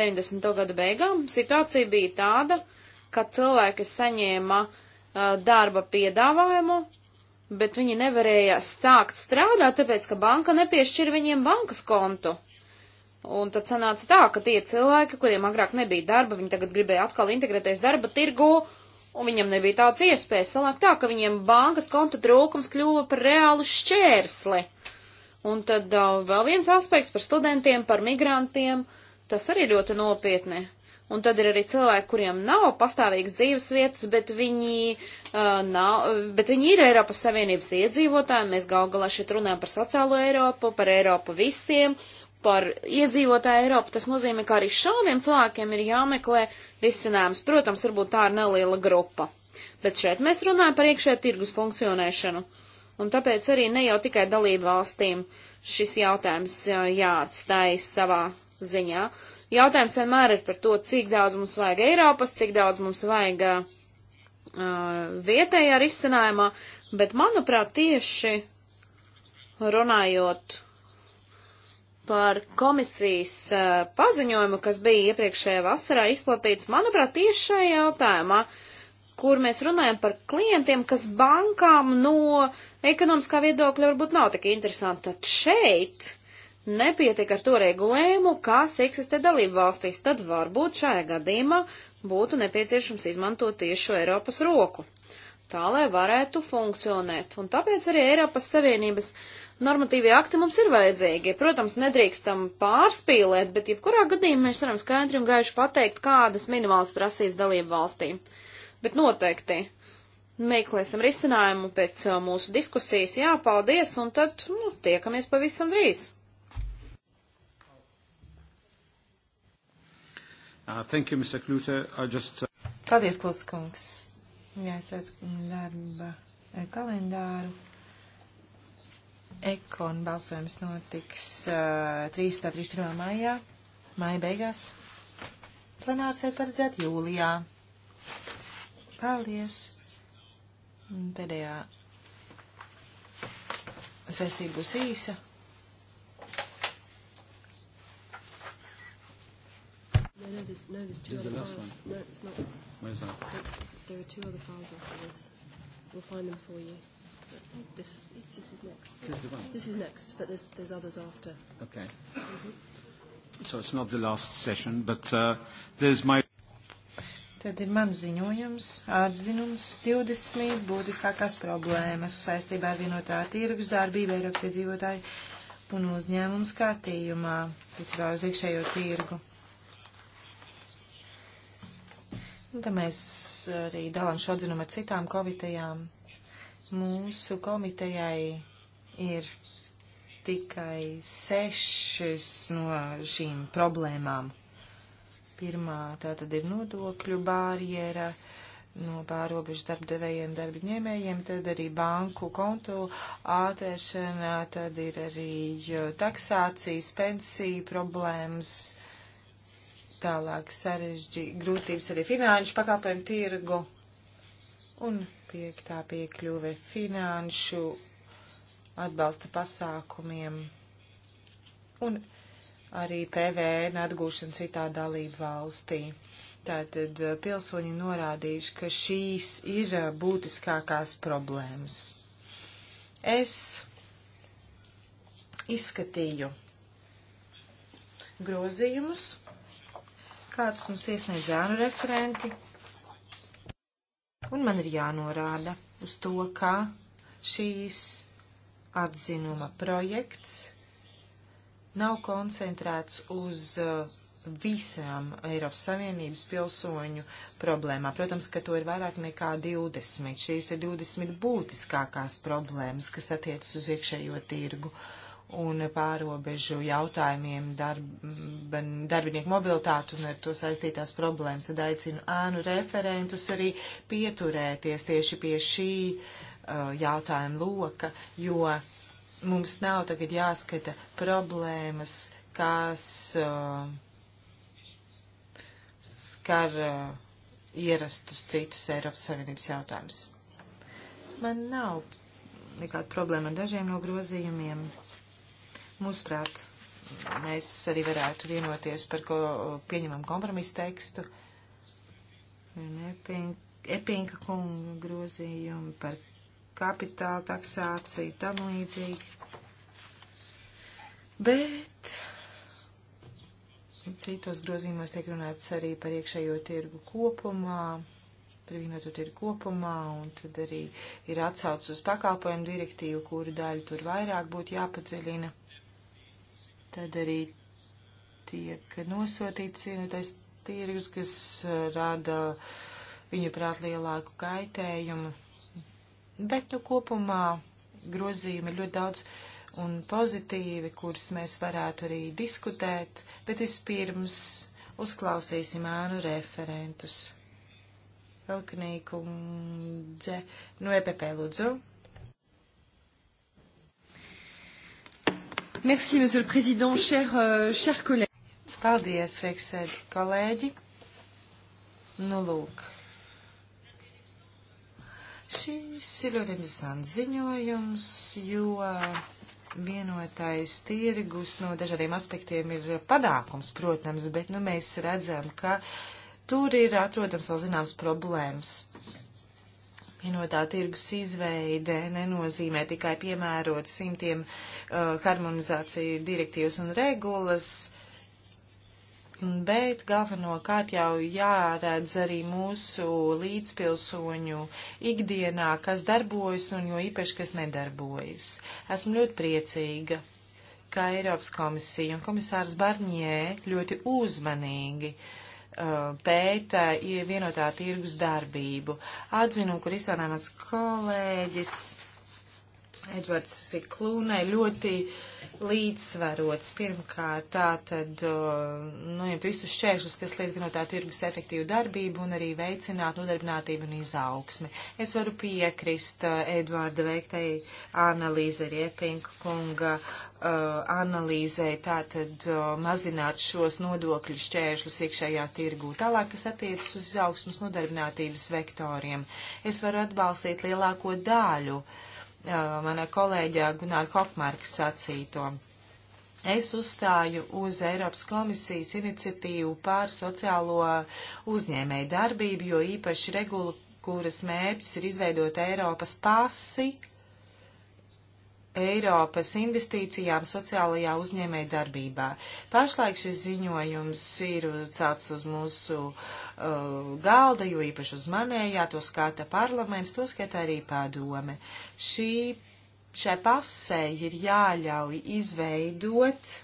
90. gada beigām situācija bija tāda, uh, ka cilvēki saņēma uh, darba piedāvājumu, bet viņi nevarēja sākt strādāt, tāpēc, ka banka nepiešķir viņiem bankas kontu. Un tad sanāca tā, ka tie cilvēki, kuriem agrāk nebija darba, viņi tagad gribēja atkal integrēties darba tirgū, un viņam nebija tāds iespējas. Sanāk tā, ka viņiem bankas konta trūkums kļuva par reālu šķērsli. Un tad uh, vēl viens aspekts par studentiem, par migrantiem, tas arī ļoti nopietni. Un tad ir arī cilvēki, kuriem nav pastāvīgas dzīves vietas, bet viņi, uh, nav, bet viņi ir Eiropas Savienības iedzīvotāji. Mēs gal galā šeit runājam par sociālo Eiropu, par Eiropu visiem, par iedzīvotāju Eiropu. Tas nozīmē, ka arī šādiem cilvēkiem ir jāmeklē risinājums. Protams, varbūt tā ir neliela grupa. Bet šeit mēs runājam par iekšē tirgus funkcionēšanu. Un tāpēc arī ne jau tikai dalību valstīm šis jautājums uh, jāatstāj savā ziņā jautājums vienmēr ir par to, cik daudz mums vajag Eiropas, cik daudz mums vajag uh, vietējā risinājumā, bet manuprāt tieši runājot par komisijas uh, paziņojumu, kas bija iepriekšējā vasarā izplatīts, manuprāt, tieši šajā jautājumā, kur mēs runājam par klientiem, kas bankām no ekonomiskā viedokļa varbūt nav tik interesanti. Tad šeit nepietiek ar to regulējumu, kas eksistē dalību valstīs, tad varbūt šajā gadījumā būtu nepieciešams izmantot tieši šo Eiropas roku, tā lai varētu funkcionēt. Un tāpēc arī Eiropas Savienības normatīvie akti mums ir vajadzīgi. Protams, nedrīkstam pārspīlēt, bet jebkurā gadījumā mēs varam skaidri un gaiši pateikt, kādas minimālas prasības dalību valstīm. Bet noteikti meklēsim risinājumu pēc uh, mūsu diskusijas. Jā, paldies, un tad nu, tiekamies pavisam drīz! Uh, thank you, Mr. Klute. I just... Uh... Paldies, Klūts kungs. Jā, es redzu darba kalendāru. Ekon balsojums notiks uh, 3. 31. maijā, maija beigās. Plenārs ir paredzēt jūlijā. Paldies. Pēdējā sesija būs īsa. I know there's, no, there's two there's other the last files. One. No, it's not. Where's that? There, there are two other files afterwards. We'll find them for you. This, it's, this is next. This is the one. This is next, but there's, there's others after. Okay. Mm-hmm. So it's not the last session, but uh, there's my. Tad ir mans ziņojums, atzinums, 20 būtiskākās problēmas saistībā ar vienotā tirgus darbību Eiropas iedzīvotāju un uzņēmumu skatījumā, ticībā uz iekšējo tirgu. Tad mēs arī dalām šo atzinumu ar citām komitejām. Mūsu komitejai ir tikai sešas no šīm problēmām. Pirmā tā tad ir nodokļu bārjera no pārobežu darbdevējiem, darbiņēmējiem, tad arī banku kontu atvēršana, tad ir arī taksācijas, pensiju problēmas Tālāk sarežģī grūtības arī finanšu pakalpojumu tirgu. Un piektā piekļuve finanšu atbalsta pasākumiem. Un arī PVN atgūšana citā dalību valstī. Tātad eh, pilsoņi norādījuši, ka šīs ir eh, būtiskākās problēmas. Es izskatīju grozījumus kāds mums iesniedz ēnu referenti. Un man ir jānorāda uz to, ka šīs atzinuma projekts nav koncentrēts uz uh, visām Eiropas Savienības pilsoņu problēmām. Protams, ka to ir vairāk nekā 20. Šīs ir 20 būtiskākās problēmas, kas attiecas uz iekšējo tirgu. Uh, un pārobežu jautājumiem, darba, darbinieku mobilitātu un ar to saistītās problēmas. Tad aicinu ānu referentus arī pieturēties tieši pie šī uh, jautājuma loka, jo mums nav tagad jāskata problēmas, kas uh, skar uh, ierastus citus Eiropas Savienības jautājumus. Man nav nekāda problēma ar dažiem no grozījumiem. Uh, Mūsuprāt, mēs arī varētu vienoties par ko pieņemam kompromisu tekstu. Epinka kunga grozījumi par kapitāla taksāciju tam līdzīgi. Bet citos grozījumos tiek runāts arī par iekšējo tirgu kopumā, par vienotu tirgu kopumā, un tad arī ir atsauc uz pakalpojumu direktīvu, kuru daļu tur vairāk būtu jāpadziļina. Tad arī tiek nosūtīts cienotais tirgus, kas uh, rada viņu prāt lielāku kaitējumu. Bet, nu, kopumā grozījumi ir ļoti daudz un pozitīvi, kurus mēs varētu arī diskutēt, bet vispirms uzklausīsim ēnu referentus. Elkanīkundze no EPP lūdzu. Merci, monsieur le président, cher, euh, cher kolēģi. Paldies, Reksēdi, kolēģi. Nu, lūk. Šis ir ļoti interesants ziņojums, jo vienotais tirgus no dažādiem aspektiem ir panākums, protams, bet nu, mēs redzam, ka tur ir atrodams vēl zināms problēmas Vienotā tirgus izveide nenozīmē tikai piemērot simtiem uh, harmonizāciju direktīvas un regulas, bet galvenokārt jau jāredz arī mūsu līdzpilsoņu ikdienā, kas darbojas un jo īpaši, kas nedarbojas. Esmu ļoti priecīga, ka Eiropas komisija un komisārs Barņē ļoti uzmanīgi uh, pēta uh, uh, vienotā tirgus darbību. Atzinu, kur izsānā mans kolēģis Edvards Siklūnai ļoti līdzsvarots. Pirmkārt, tā tad uh, noņemt visus šķēršļus, kas liek vienotā tirgus efektīvu darbību un arī veicināt nodarbinātību un izaugsmi. Es varu piekrist Edvarda veiktai analīze Riepinga kunga uh, Uh, analīzē tātad uh, mazināt šos nodokļu šķēršļus iekšējā tirgū. Tālāk, kas attiecas uz augsmas nodarbinātības vektoriem, es varu atbalstīt lielāko daļu uh, manā kolēģā Gunāra Hopmarka sacīto. Es uzstāju uz Eiropas komisijas iniciatīvu pār sociālo uzņēmēju darbību, jo īpaši regulu, kuras mērķis ir izveidot Eiropas pasi Eiropas investīcijām sociālajā uzņēmēja darbībā. Pašlaik šis ziņojums ir celts uz mūsu uh, galda, jo īpaši uz manējā to skata parlaments, to skata arī padome. Šī, šai pasē ir jāļauj izveidot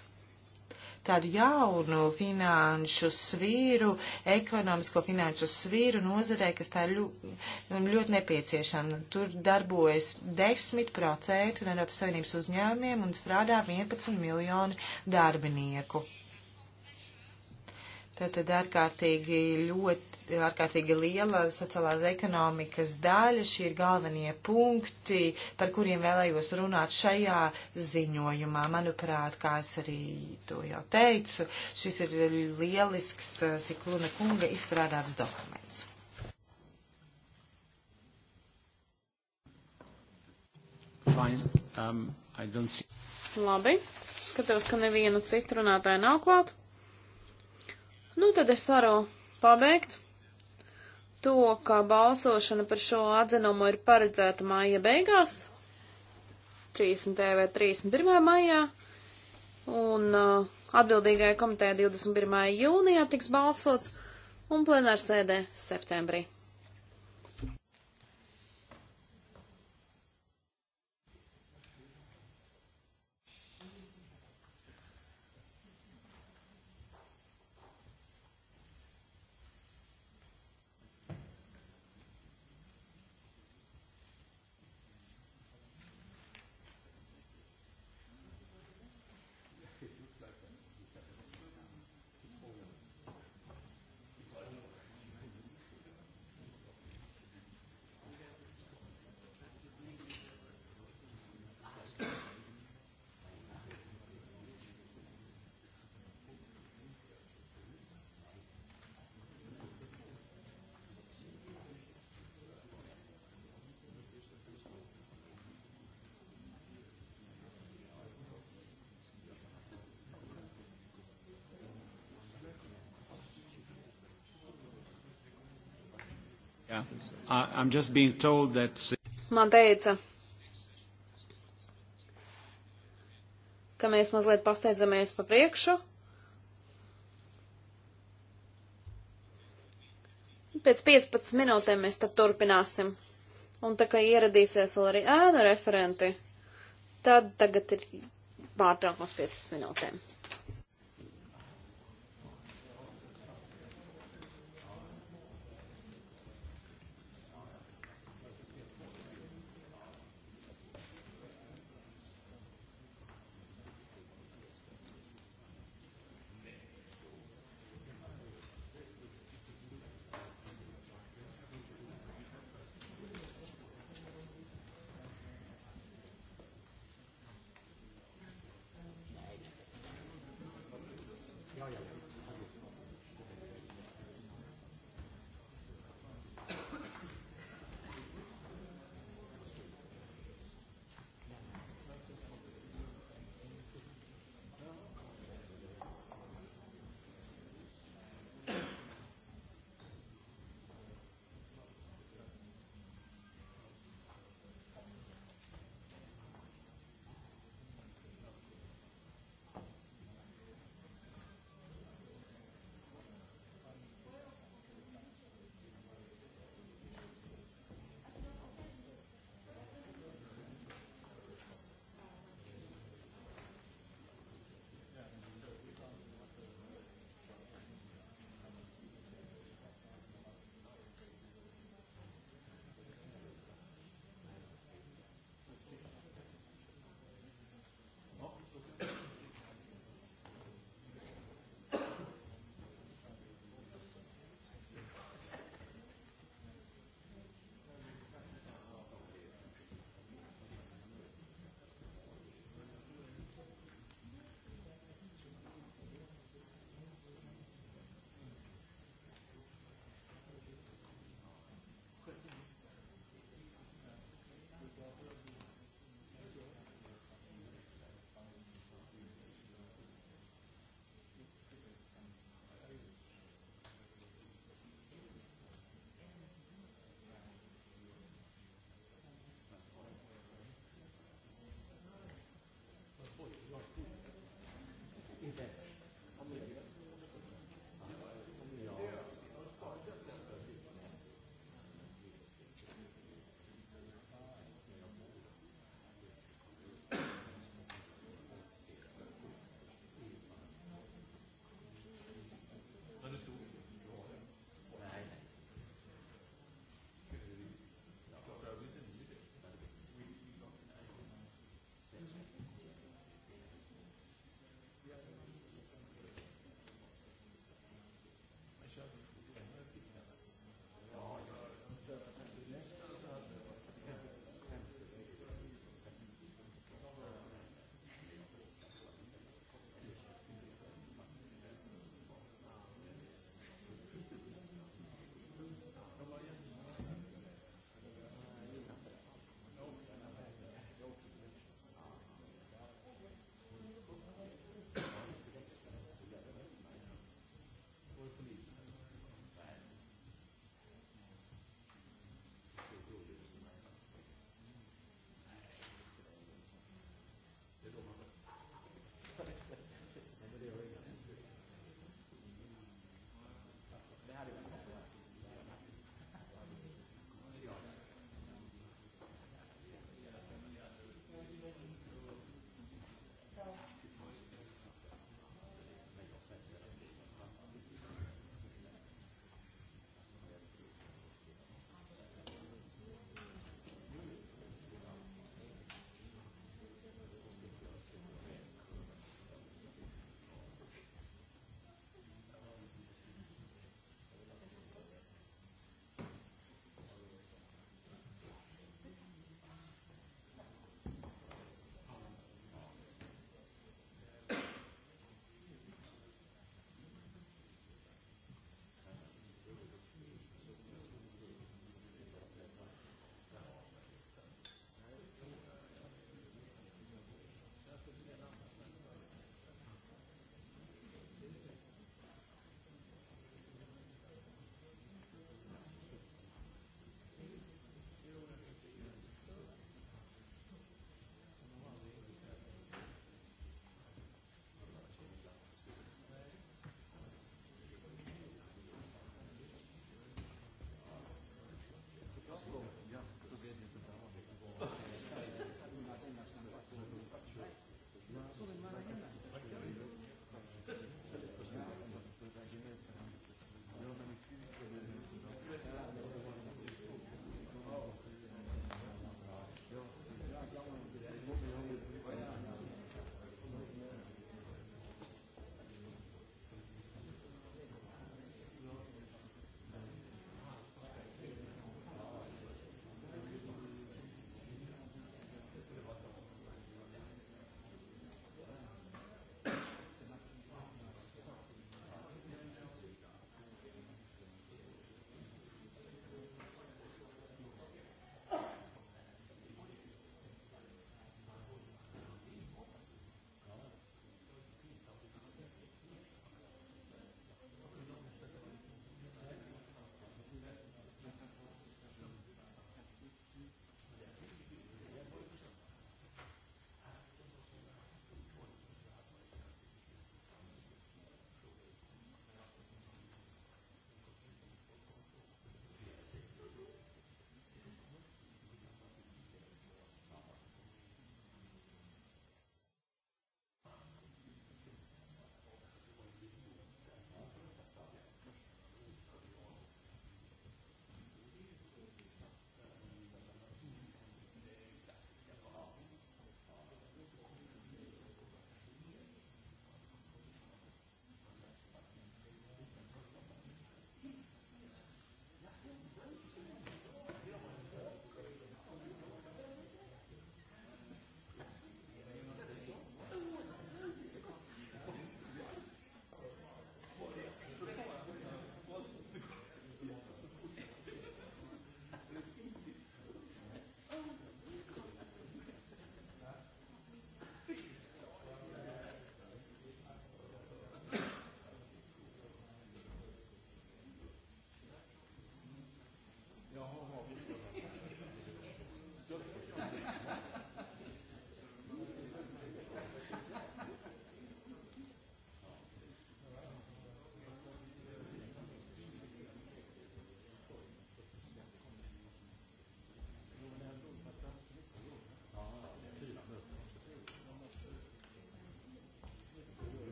tādu jaunu finanšu svīru, ekonomisko finanšu svīru nozarē, kas tā ir ļu, nu, ļoti nepieciešama. Tur darbojas 10% no Eiropas Savienības uzņēmumiem un strādā 11 miljoni darbinieku. Tātad ārkārtīgi ļoti, ārkārtīgi liela sociālās ekonomikas daļa, šie ir galvenie punkti, par kuriem vēlējos runāt šajā ziņojumā. Manuprāt, kā es arī to jau teicu, šis ir lielisks eh, Sikluna kunga izstrādāts dokuments. Fine. Um, Labi, skatos, ka nevienu citu runātāju nav klāt. Nu, tad es varu pabeigt to, ka balsošana par šo atzinumu ir paredzēta māja beigās, 30. vai 31. maijā, un uh, atbildīgajai komitē 21. jūnijā tiks balsots, un plenārsēdē septembrī. Yeah. I'm just being told that... Man teica, ka mēs mazliet pasteidzamies pa priekšu. Pēc 15 minūtēm mēs tad turpināsim. Un tā kā ieradīsies vēl arī ēnu referenti, tad tagad ir pārtraukums 15 minūtēm.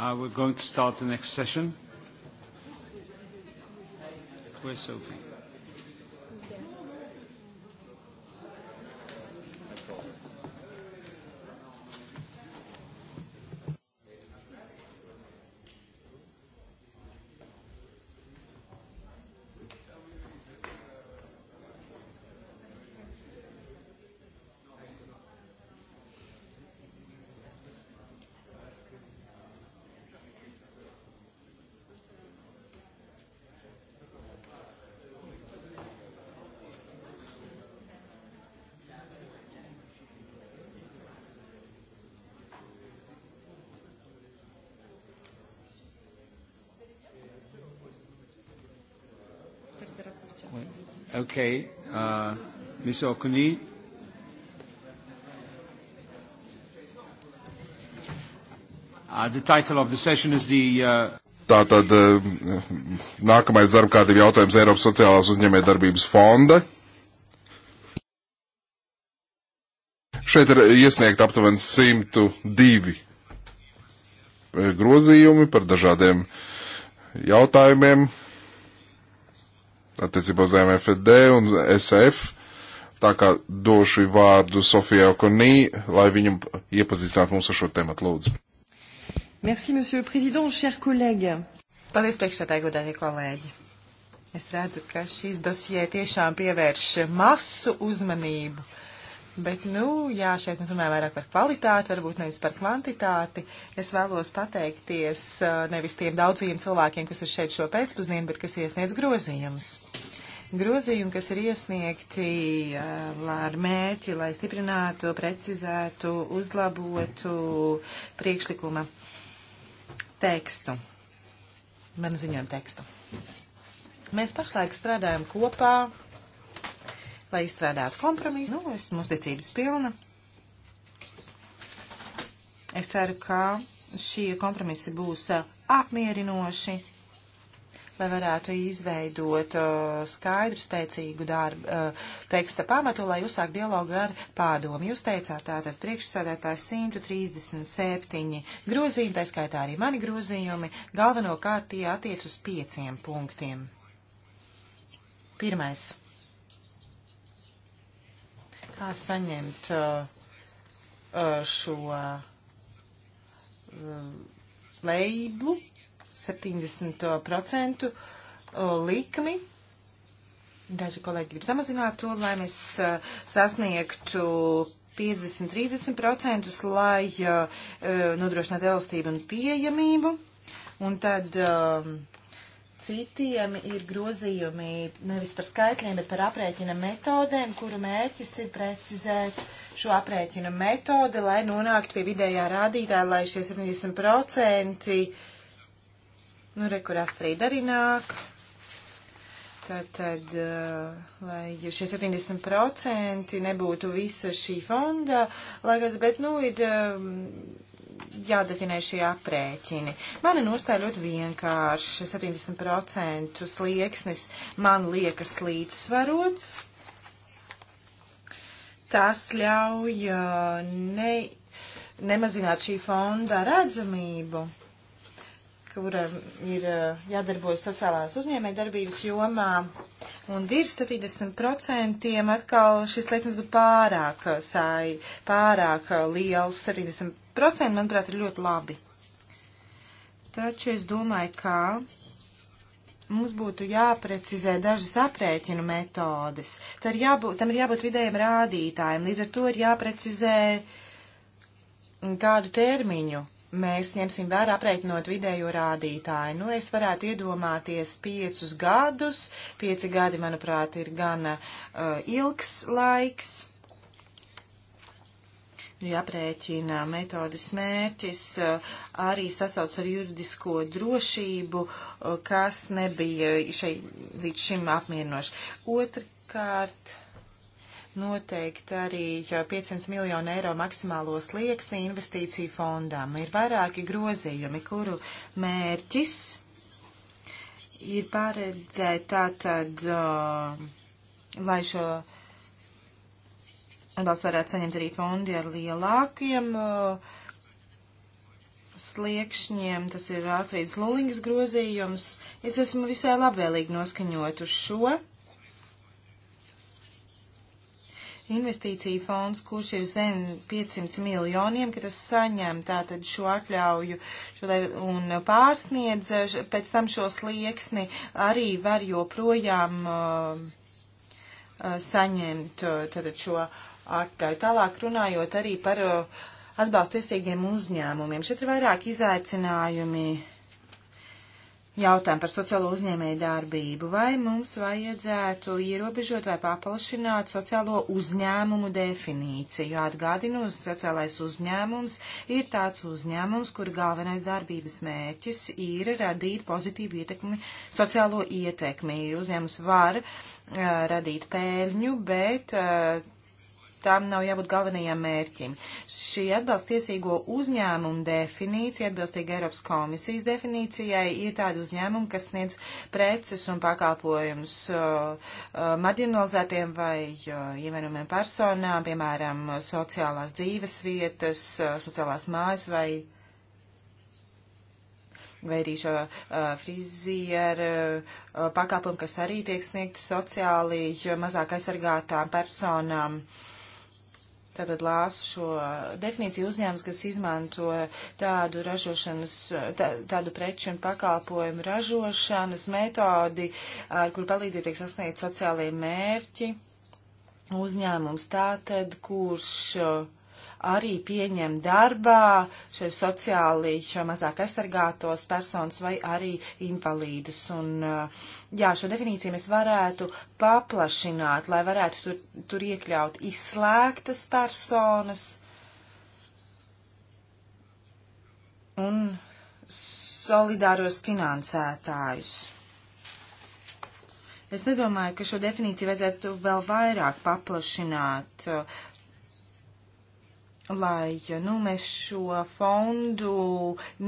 Uh, we're going to start the next session. Where's Sophie? Okay. Uh, Ms. Okuni. Uh, the title of the session is the uh, Tātad uh, nākamais darba kārtība jautājums Eiropas sociālās uzņēmējdarbības fonda. Šeit ir iesniegt aptuveni 102 eh, grozījumi par dažādiem jautājumiem attiecībā uz MFD un SF. Tā kā došu vārdu Sofijai Okonī, lai viņam iepazīstinātu mūs ar šo tematu, lūdzu. Merci, monsieur le président, chers collègues. Paldies, priekšsētāji, godātie kolēģi. Es redzu, ka šis dosie tiešām pievērš masu uzmanību Bet, nu, jā, šeit mēs runājam vairāk par kvalitāti, varbūt nevis par kvantitāti. Es vēlos pateikties uh, nevis tiem daudzajiem cilvēkiem, kas ir šeit šo pēcpusdienu, bet kas iesniedz grozījumus. Grozījumi, kas ir iesniegti uh, ar mērķi, lai stiprinātu, precizētu, uzlabotu priekšlikuma tekstu, man ziņojumu tekstu. Mēs pašlaik strādājam kopā lai izstrādātu kompromisu. Nu, esmu uzticības pilna. Es ceru, ka šie kompromisi būs uh, apmierinoši, lai varētu izveidot uh, skaidru, spēcīgu darbu, uh, teksta pamatu, lai uzsākt dialogu ar pārdomu. Jūs teicāt, tātad priekšsādātājs 137 grozījumi, tā skaitā arī mani grozījumi, galvenokārt tie attiec uz pieciem punktiem. Pirmais kā saņemt uh, uh, šo uh, leiblu 70% likmi. Daži kolēģi grib samazināt to, lai mēs sasniegtu 50-30%, lai nodrošinātu elastību un pieejamību. Un tad uh, citiem ir grozījumi nevis par skaitļiem, bet par aprēķina metodēm, kuru mērķis ir precizēt šo aprēķina metodi, lai nonāktu pie vidējā rādītāja, lai šie 70%, nu, re, kur astrīd arī nāk, tad, tad lai šie 70% nebūtu visa šī fonda, lai, bet, nu, ir jādefinē šie aprēķini. Mana nostāja ļoti vienkārši. 70% slieksnis man liekas līdzsvarots. Tas ļauj uh, ne, nemazināt šī fonda redzamību, kura ir uh, jādarbojas sociālās uzņēmē darbības jomā. Un virs 70% atkal šis slieksnis būtu pārāk, uh, sai, pārāk liels 70% procenti, manuprāt, ir ļoti labi. Taču es domāju, ka mums būtu jāprecizē dažas aprēķinu metodes. Tam ir jābūt, tam ir jābūt vidējiem rādītājiem. Līdz ar to ir jāprecizē kādu termiņu. Mēs ņemsim vērā aprēķinot vidējo rādītāju. Nu, es varētu iedomāties piecus gadus. Pieci gadi, manuprāt, ir gana uh, ilgs laiks jāprēķina metodas mērķis, arī sasauc ar juridisko drošību, kas nebija šeit līdz šim apmierinoši. Otrkārt, noteikti arī 500 miljonu eiro maksimālo slieksni investīciju fondām. Ir vairāki grozījumi, kuru mērķis ir paredzēt tātad, uh, lai šo Atbalsts varētu saņemt arī fondi ar lielākiem uh, sliekšņiem, tas ir Astrid Lulings grozījums. Es esmu visai labvēlīgi noskaņot uz šo. Investīcija fonds, kurš ir zem 500 miljoniem, ka tas saņem tātad šo atļauju šo, un pārsniedz pēc tam šo slieksni, arī var joprojām uh, uh saņemt uh, tātad šo uh, atļauj. Tālāk runājot arī par uh, atbalstiesīgiem uzņēmumiem. Šeit ir vairāk izaicinājumi jautājumu par sociālo uzņēmēju darbību. Vai mums vajadzētu ierobežot vai paplašināt sociālo uzņēmumu definīciju? Atgādinu, sociālais uzņēmums ir tāds uzņēmums, kur galvenais darbības mērķis ir radīt pozitīvu ietekmi, sociālo ietekmi. Uzņēmums var uh, radīt pēļņu, bet uh, tam nav jābūt galvenajam mērķim. Šī atbalsta tiesīgo uzņēmumu definīcija, atbilstīga Eiropas komisijas definīcijai, ir tāda uzņēmuma, kas sniedz preces un pakalpojumus uh, uh marginalizētiem vai uh, ievērumiem personām, piemēram, sociālās dzīves vietas, uh, sociālās mājas vai, vai arī šo uh, frizieru uh, pakalpojumu, kas arī tiek sniegti sociāli mazāk aizsargātām personām. Uh, Tātad lāsu šo definīciju uzņēmums, kas izmanto tādu ražošanas, tā, tādu preču un pakalpojumu ražošanas metodi, ar kur palīdzību tiek sasniegt sociālajie mērķi. Uzņēmums tātad, kurš uh, arī pieņem darbā šie sociāli šo mazāk aizsargātos personas vai arī invalīdus. Un, uh, jā, šo definīciju mēs varētu paplašināt, lai varētu tur, tur iekļaut izslēgtas personas un solidāros finansētājus. Es nedomāju, ka šo definīciju vajadzētu vēl vairāk paplašināt. Uh, lai nu, mēs šo fondu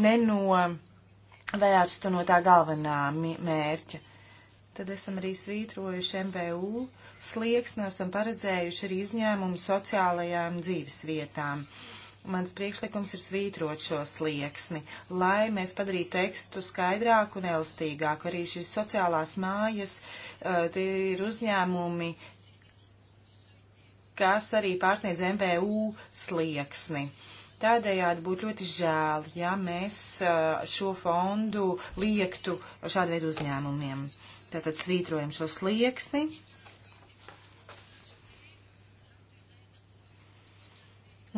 nenovērstu no tā galvenā mērķa. Tad esam arī svītrojuši MVU slieksni, esam paredzējuši arī izņēmumu sociālajām dzīvesvietām. Mans priekšlikums ir svītrot šo slieksni, lai mēs padarītu tekstu skaidrāku un elastīgāku. Arī šīs sociālās mājas, uh, tie ir uzņēmumi, kas arī pārsniedz MVU slieksni. Tādējādi būtu ļoti žēl, ja mēs šo fondu liektu šādu veidu uzņēmumiem. Tātad svītrojam šo slieksni.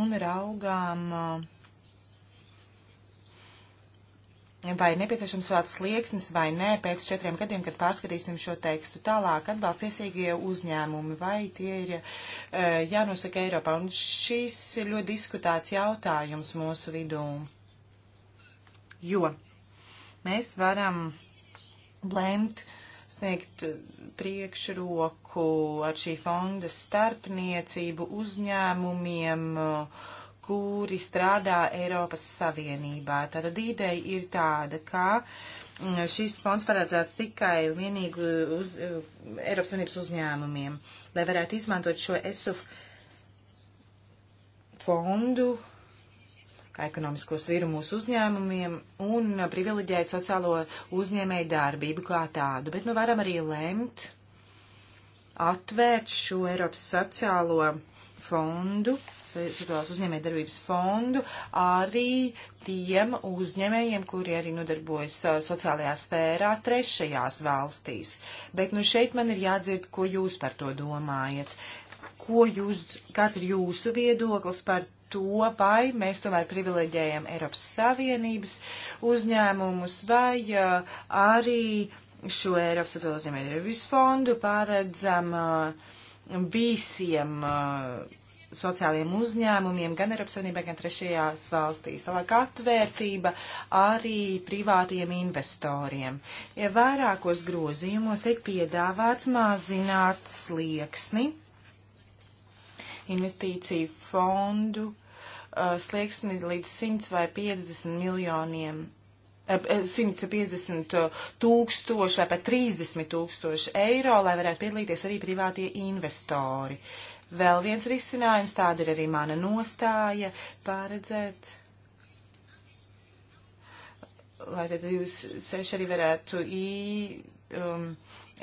Un raugām uh, vai nepieciešams vēl slieksnis vai nē pēc četriem gadiem, kad pārskatīsim šo tekstu tālāk atbalstiesīgie uzņēmumi, vai tie ir uh, jānosaka Eiropā. Un šis ir ļoti diskutēts jautājums mūsu vidū, jo mēs varam blend sniegt priekšroku ar šī fonda starpniecību uzņēmumiem, uh, kuri strādā Eiropas Savienībā. Tātad ideja ir tāda, ka mm, šis fonds paredzēts tikai vienīgi uz eh, Eiropas Savienības uzņēmumiem, lai varētu izmantot šo ESUF fondu kā ekonomisko sviru mūsu uzņēmumiem un privileģēt sociālo uzņēmēju darbību kā tādu. Bet nu varam arī lemt atvērt šo Eiropas sociālo fondu, sociālās uzņēmējdarbības fondu arī tiem uzņēmējiem, kuri arī nodarbojas uh, sociālajā sfērā trešajās valstīs. Bet nu šeit man ir jādzird, ko jūs par to domājat. Ko jūs, kāds ir jūsu viedoklis par to, vai mēs tomēr privileģējam Eiropas Savienības uzņēmumus vai uh, arī šo Eiropas sociālo uzņēmēju fondu paredzam uh, visiem uh, sociālajiem uzņēmumiem, gan Eiropas Savienībā, gan trešajās valstīs. Tālāk atvērtība arī privātiem investoriem. Ja vairākos grozījumos tiek piedāvāts mazināt slieksni investīciju fondu uh, slieksni līdz 100 vai 50 miljoniem 150 tūkstoši vai pat 30 tūkstoši eiro, lai varētu piedalīties arī privātie investori. Vēl viens risinājums, tāda ir arī mana nostāja, pārredzēt, lai tad jūs seši arī varētu i, um,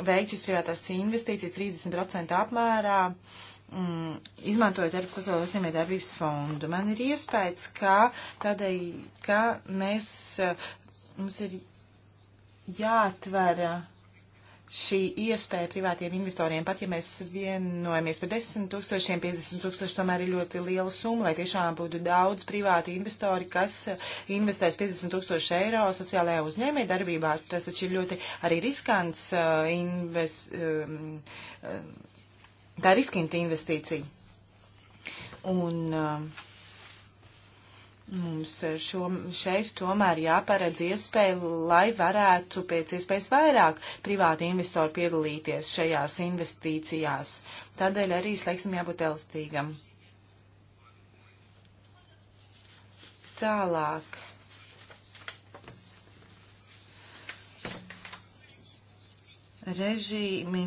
veikt šīs privātās investīcijas 30% apmērā. Mm, izmantojot Eiropas Sociālo uzņēmējdarbības fondu, man ir iespējas, ka tādēļ, ka mēs Mums ir jāatver uh, šī iespēja privātiem investoriem, pat ja mēs vienojamies par 10 tūkstošiem, 50 tūkstoši tomēr ir ļoti liela summa, lai tiešām būtu daudz privāti investori, kas uh, investēs 50 tūkstoši eiro sociālajā uzņēmē darbībā. Tas taču ir ļoti arī riskants uh, invest, um, uh, tā riskanta investīcija. Un, uh, Mums šo, šeit tomēr jāparedz iespēja, lai varētu pēc iespējas vairāk privāti investori piedalīties šajās investīcijās. Tādēļ arī slēgsim jābūt elastīgam. Tālāk. Režīmi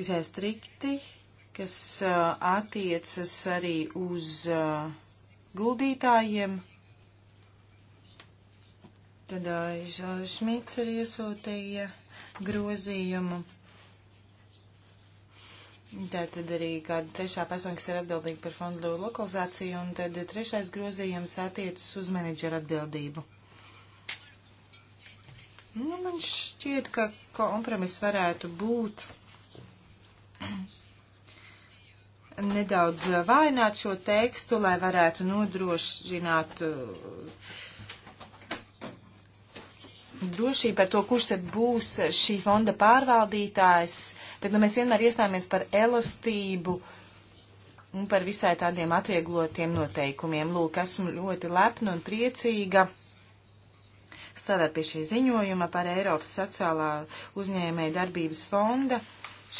visai strikti, kas uh, attiecas arī uz uh, guldītājiem Tad Žēlis Šmits arī iesūtīja grozījumu. Tā tad arī kāda trešā persona, kas ir atbildīga par fondu lokalizāciju, un tad trešais grozījums attiecas uz menedžera atbildību. Nu, man šķiet, ka kompromiss varētu būt nedaudz vainot šo tekstu, lai varētu nodrošināt uh, drošība par to, kurš tad būs šī fonda pārvaldītājs, bet nu, mēs vienmēr iestājāmies par elastību un par visai tādiem atvieglotiem noteikumiem. Lūk, esmu ļoti lepna un priecīga strādāt pie šī ziņojuma par Eiropas sociālā uzņēmēja darbības fonda.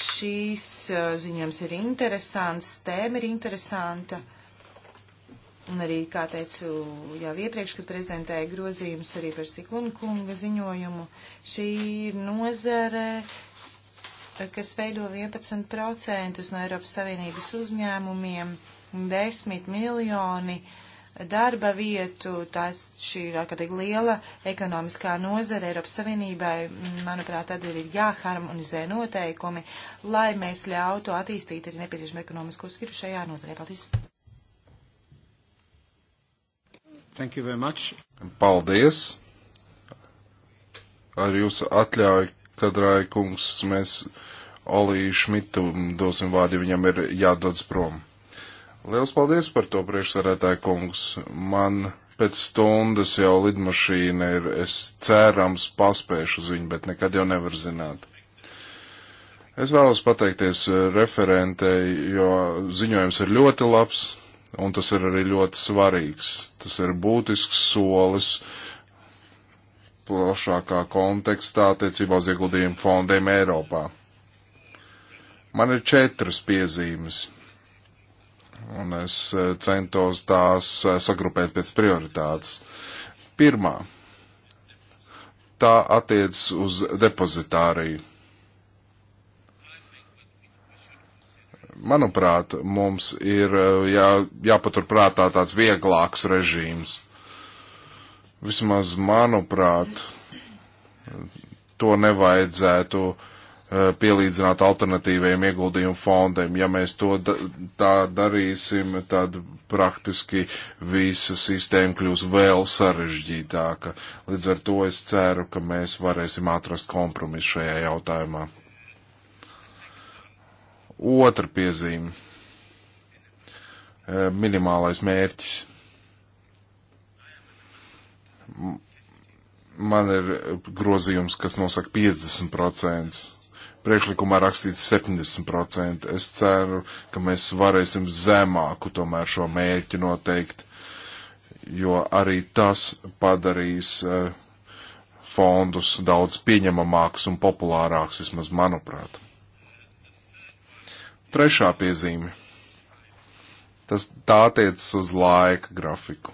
Šīs uh, ziņojums ir interesants, tēma ir interesanta. Uh, Un arī, kā teicu jau iepriekš, kad prezentēju grozījumus arī par Siklunu kunga ziņojumu, šī ir nozare, kas veido 11% no Eiropas Savienības uzņēmumiem, 10 miljoni darba vietu. Tās šī ir ārkārtīgi liela ekonomiskā nozare Eiropas Savienībai. Manuprāt, tad ir jāharmonizē noteikumi, lai mēs ļautu attīstīt arī nepieciešamu ekonomisko skiru šajā nozarē. Paldies! Thank you very much. Paldies. Ar jūsu atļauju, tad Raikungs, mēs Oliju Šmitu dosim vārdu, viņam ir jādodas prom. Liels paldies par to priekšsarētāju kungs. Man pēc stundas jau lidmašīna ir, es cerams paspēšu uz viņu, bet nekad jau nevar zināt. Es vēlos pateikties referentei, jo ziņojums ir ļoti labs, un tas ir arī ļoti svarīgs. Tas ir būtisks solis plašākā kontekstā attiecībā uz ieguldījumu fondiem Eiropā. Man ir četras piezīmes, un es eh, centos tās eh, sagrupēt pēc prioritātes. Pirmā. Tā attiec uz depozitāriju manuprāt, mums ir eh, jā, jāpaturprātā tāds vieglāks režīms. Vismaz, manuprāt, to nevajadzētu eh, pielīdzināt alternatīviem ieguldījumu fondiem. Ja mēs to da tā darīsim, tad praktiski visa sistēma kļūs vēl sarežģītāka. Līdz ar to es ceru, ka mēs varēsim atrast kompromisu šajā jautājumā. Otra piezīme eh, - minimālais mērķis. Man ir grozījums, kas nosaka 50%. Priekšlikumā rakstīts 70%. Es ceru, ka mēs varēsim zemāku tomēr šo mērķi noteikt, jo arī tas padarīs uh, fondus daudz pieņemamākus un populārākus, vismaz manuprāt. Trešā piezīme. Tas tā attiecas uz laika grafiku,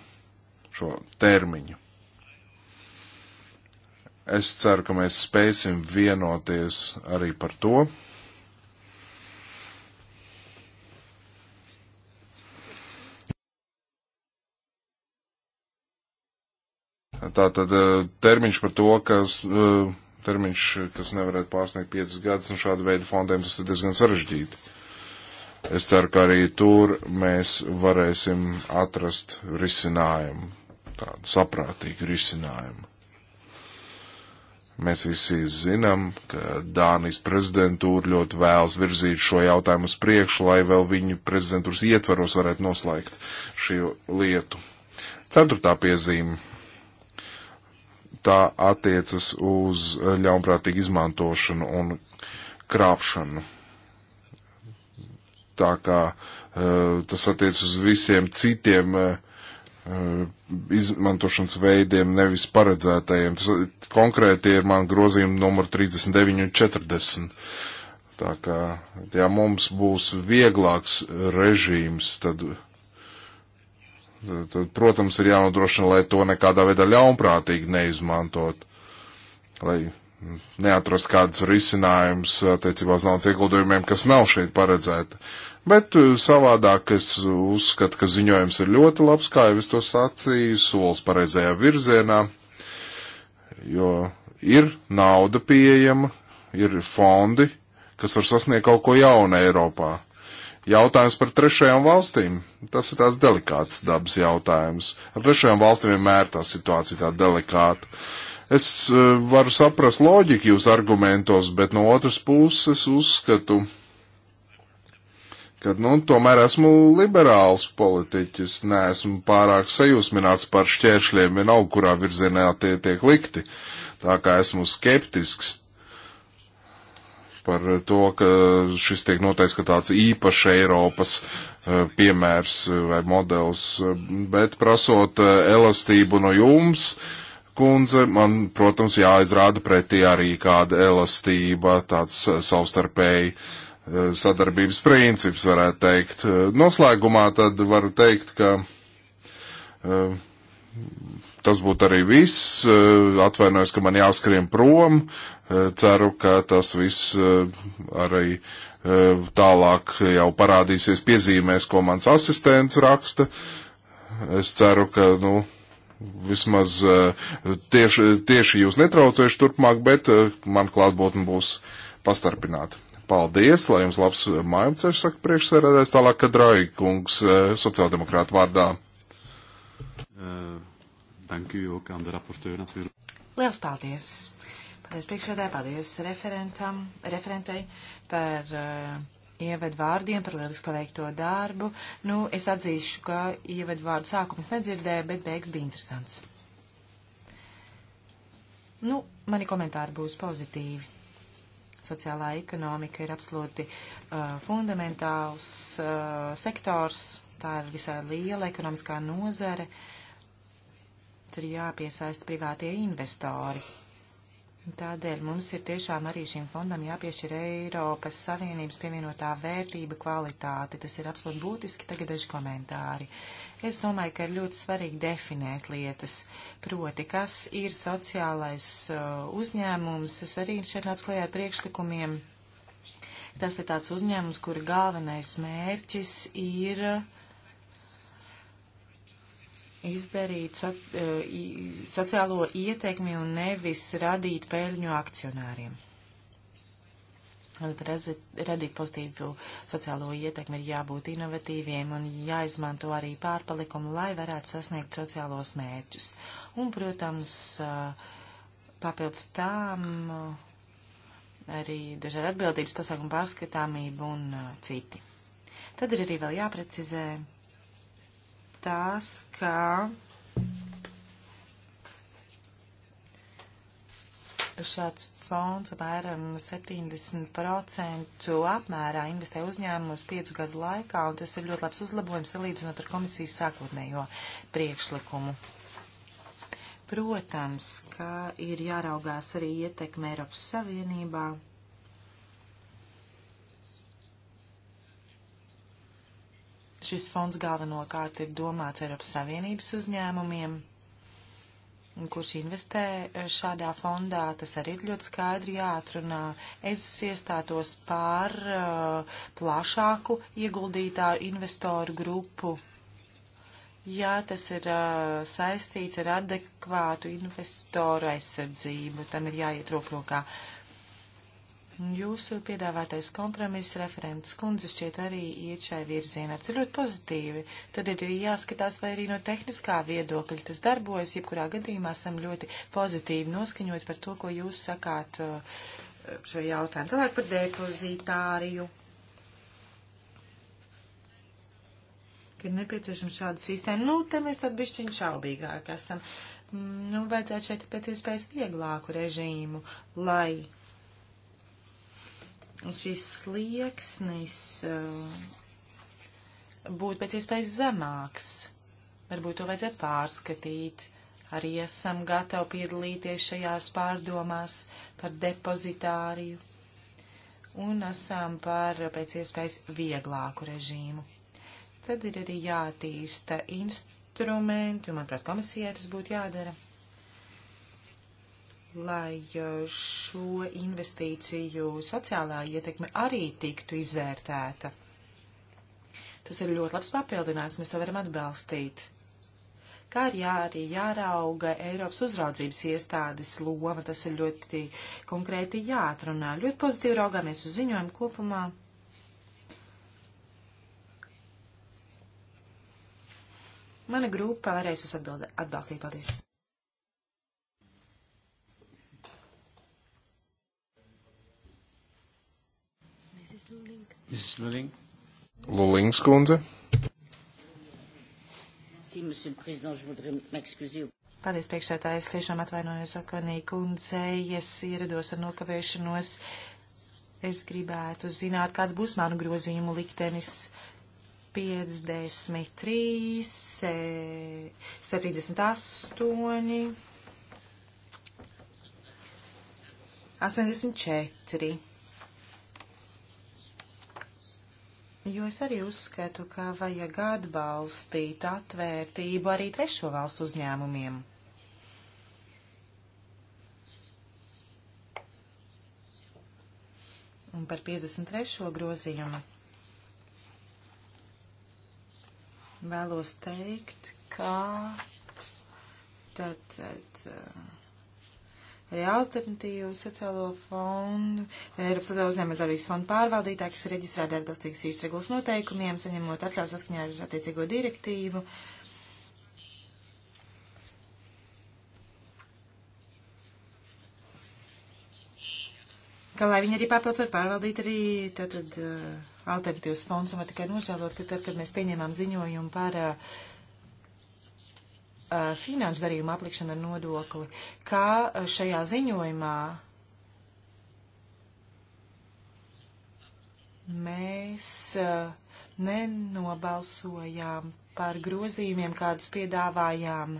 šo termiņu. Es ceru, ka mēs spēsim vienoties arī par to. Tātad eh, termiņš par to, kas, eh, termiņš, kas nevarētu pārsniegt 5 gadus, un šāda veida fondiem tas ir diezgan sarežģīti. Es ceru, ka arī tur mēs varēsim atrast risinājumu, tādu saprātīgu risinājumu. Mēs visi zinām, ka Dānijas prezidentūra ļoti vēlas virzīt šo jautājumu uz priekšu, lai vēl viņu prezidentūras ietvaros varētu noslēgt šī lietu. Ceturtā piezīme. Tā attiecas uz ļaunprātīgu izmantošanu un krāpšanu tā kā eh, tas attiec uz visiem citiem eh, eh, izmantošanas veidiem, nevis paredzētajiem. Tas konkrēti ir man grozījumi numur 39 un 40. Tā kā, ja mums būs vieglāks režīms, tad, tad, tad protams, ir jānodrošina, lai to nekādā veidā ļaunprātīgi neizmantot. Lai neatrast kādus risinājumus attiecībā uz naudas ieguldījumiem, kas nav šeit paredzēti. Bet uh, savādāk es uzskatu, ka ziņojums ir ļoti labs, kā jau es to sacīju, solis pareizajā virzienā, jo ir nauda pieejama, ir fondi, kas var sasniegt kaut ko jaunu Eiropā. Jautājums par trešajām valstīm. Tas ir tāds delikāts dabas jautājums. Ar trešajām valstīm vienmēr tā situācija tā delikāta. Uh, Es eh, varu saprast loģiku jūs argumentos, bet no otras puses uzskatu, ka, nu, tomēr esmu liberāls politiķis, neesmu pārāk sajūsmināts par šķēršļiem, vienalga, kurā virzienā tie tiek likti. Tā kā esmu skeptisks par to, ka šis tiek noteikts, ka tāds īpašs Eiropas eh, piemērs vai modelis, eh, bet prasot elastību no jums, uh, kundze, man, protams, jāizrāda pretī arī kāda elastība, tāds eh, savstarpēji eh, sadarbības princips, varētu teikt. Eh, noslēgumā tad varu teikt, ka tas būtu arī viss. Atvainojos, ka man jāskrien prom. Ceru, ka tas viss arī tālāk jau parādīsies piezīmēs, ko mans asistents raksta. Es ceru, ka, nu, vismaz eh, tieši, tieši jūs netraucēšu turpmāk, bet eh, man klātbūtne būs pastarpināta. Paldies, lai jums labs mājumceļš, saka priekšsēdētājs, tālāk, kad Raikungs eh, sociāldemokrāta vārdā. Liels paldies! Paldies priekšsēdētājai, paldies referentam, referentei par uh, ievadu vārdiem par lieliski paveikto darbu. Nu, es atzīšu, ka ievadu vārdu sākumu es nedzirdēju, bet beigas bija interesants. Nu, mani komentāri būs pozitīvi. Sociālā ekonomika ir absolūti uh, fundamentāls uh, sektors, tā ir visai liela ekonomiskā nozare. Tur jāpiesaista privātie investori Tādēļ mums ir tiešām arī šim fondam jāpiešķir Eiropas Savienības pievienotā vērtība kvalitāte. Tas ir absolūti būtiski. Tagad daži komentāri. Es domāju, ka ir ļoti svarīgi definēt lietas. Proti, kas ir sociālais uh, uzņēmums. Es arī šeit nācu klajā ar priekšlikumiem. Tas ir tāds uzņēmums, kura galvenais mērķis ir uh, izdarīt so, e, sociālo ietekmi un nevis radīt peļņu akcionāriem. Rezi, radīt pozitīvu sociālo ietekmi ir jābūt inovatīviem un jāizmanto arī pārpalikumu, lai varētu sasniegt sociālos mērķus. Un, protams, e, papildus tām e, arī dažādi atbildības pasākumu pārskatāmība un citi. Tad ir arī vēl jāprecizē tas, ka šāds fonds apmēram 70% apmērā investē uzņēmumos piecu gadu laikā, un tas ir ļoti labs uzlabojums salīdzinot ar komisijas sākotnējo priekšlikumu. Protams, ka ir jāraugās arī ietekme Eiropas Savienībā Šis fonds galvenokārt ir domāts Eiropas Savienības uzņēmumiem, kurš investē šādā fondā. Tas arī ir ļoti skaidri jāatrunā. Es iestātos pār uh, plašāku ieguldītāju investoru grupu. Jā, tas ir uh, saistīts ar adekvātu investoru aizsardzību. Tam ir jāiet rokrokā. Uh, Jūsu piedāvātais kompromiss referents kundze šķiet arī iet šai virzienā. Tas ir ļoti pozitīvi. Tad ir jāskatās, vai arī no tehniskā viedokļa tas darbojas. Jebkurā gadījumā esam ļoti pozitīvi noskaņot par to, ko jūs sakāt uh, šo jautājumu. Tālāk par depozītāriju. Ka ir nepieciešama šāda sistēma. Nu, te mēs tad bišķiņ šaubīgāk esam. Mm, nu, vajadzētu šeit pēc iespējas vieglāku režīmu, lai Un šis slieksnis eh, būtu pēc iespējas zemāks. Varbūt to vajadzētu pārskatīt. Arī esam gatavi piedalīties šajās pārdomās par depozitāriju un esam par pēc iespējas vieglāku režīmu. Tad ir arī jātīsta instrumenti, un, manuprāt, komisijai tas būtu jādara lai eh, šo investīciju sociālā ietekme arī tiktu izvērtēta. Tas ir ļoti labs papildinājums, mēs to varam atbalstīt. Kā ir jā, arī jārauga Eiropas uzraudzības iestādes loma, tas ir ļoti konkrēti jāatrunā. Ļoti pozitīvi raugāmies uz ziņojumu kopumā. Mana grupa varēs jūs atbalstīt. Paldies! Luling. Lulings kundze. Paldies, priekšsētāji. Es tiešām atvainojos Akonī kundzei, es ierados ar nokavēšanos. Es gribētu zināt, kāds būs manu grozījumu liktenis 53, 78, 84. Jo es arī uzskatu, ka vajag atbalstīt atvērtību arī trešo valstu uzņēmumiem. Un par 53. grozījumu vēlos teikt, ka tad, tad arī alternatīvu sociālo fondu, Eiropas sociālo uzņēmumu darbības fondu pārvaldītāji, kas ir reģistrēti atbilstīgas īstregulas noteikumiem, saņemot atļauju saskaņā ar attiecīgo direktīvu. Kā lai viņi arī papildus var pārvaldīt arī tātad uh, alternatīvas fonds, un var tikai nožēlot, ka tad, kad mēs pieņēmām ziņojumu par uh, Eh, finanšu darījumu aplikšana ar nodokli, kā eh, šajā ziņojumā mēs eh, nenobalsojām par grozījumiem, kādus piedāvājām.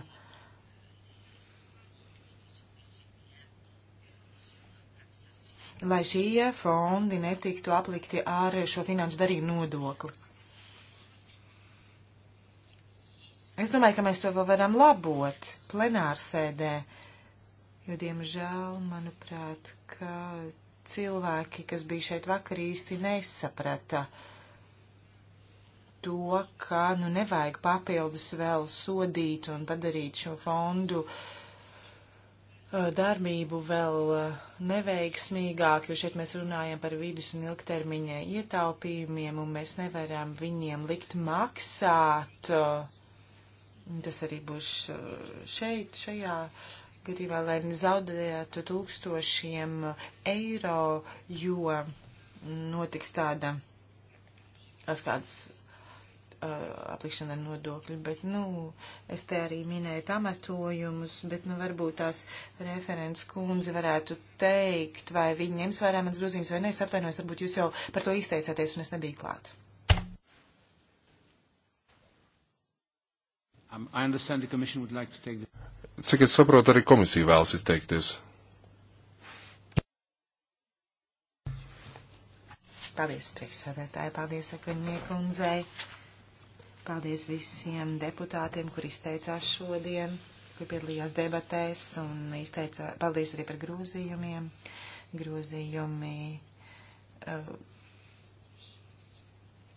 lai šie fondi netiktu aplikti ar šo finanšu darījumu nodokli. Es domāju, ka mēs to vēl varam labot plenārsēdē, jo, diemžēl, manuprāt, ka cilvēki, kas bija šeit vakar, īsti nesaprata to, ka, nu, nevajag papildus vēl sodīt un padarīt šo fondu darbību vēl neveiksmīgāk, jo šeit mēs runājam par vidus un ilgtermiņa ietaupījumiem, un mēs nevaram viņiem likt maksāt uh, Tas arī būs uh, šeit, šajā gadījumā, lai nezaudētu tūkstošiem eiro, jo notiks tāda kāds uh, aplikšana ar nodokļu, bet, nu, es te arī minēju pamatojumus, bet, nu, varbūt tās referents kundze varētu teikt, vai viņi ņems vērā mans grozījums vai nē, es atvainojos, varbūt jūs jau par to izteicāties un es nebiju klāt. Um, like take... Cik es saprotu, arī komisija vēlas izteikties. Paldies priekšsēdētāji, paldies Akaņiekundzei, paldies visiem deputātiem, kur izteicās šodien, kur piedalījās debatēs un izteica, paldies arī par grozījumiem. Grozījumi uh,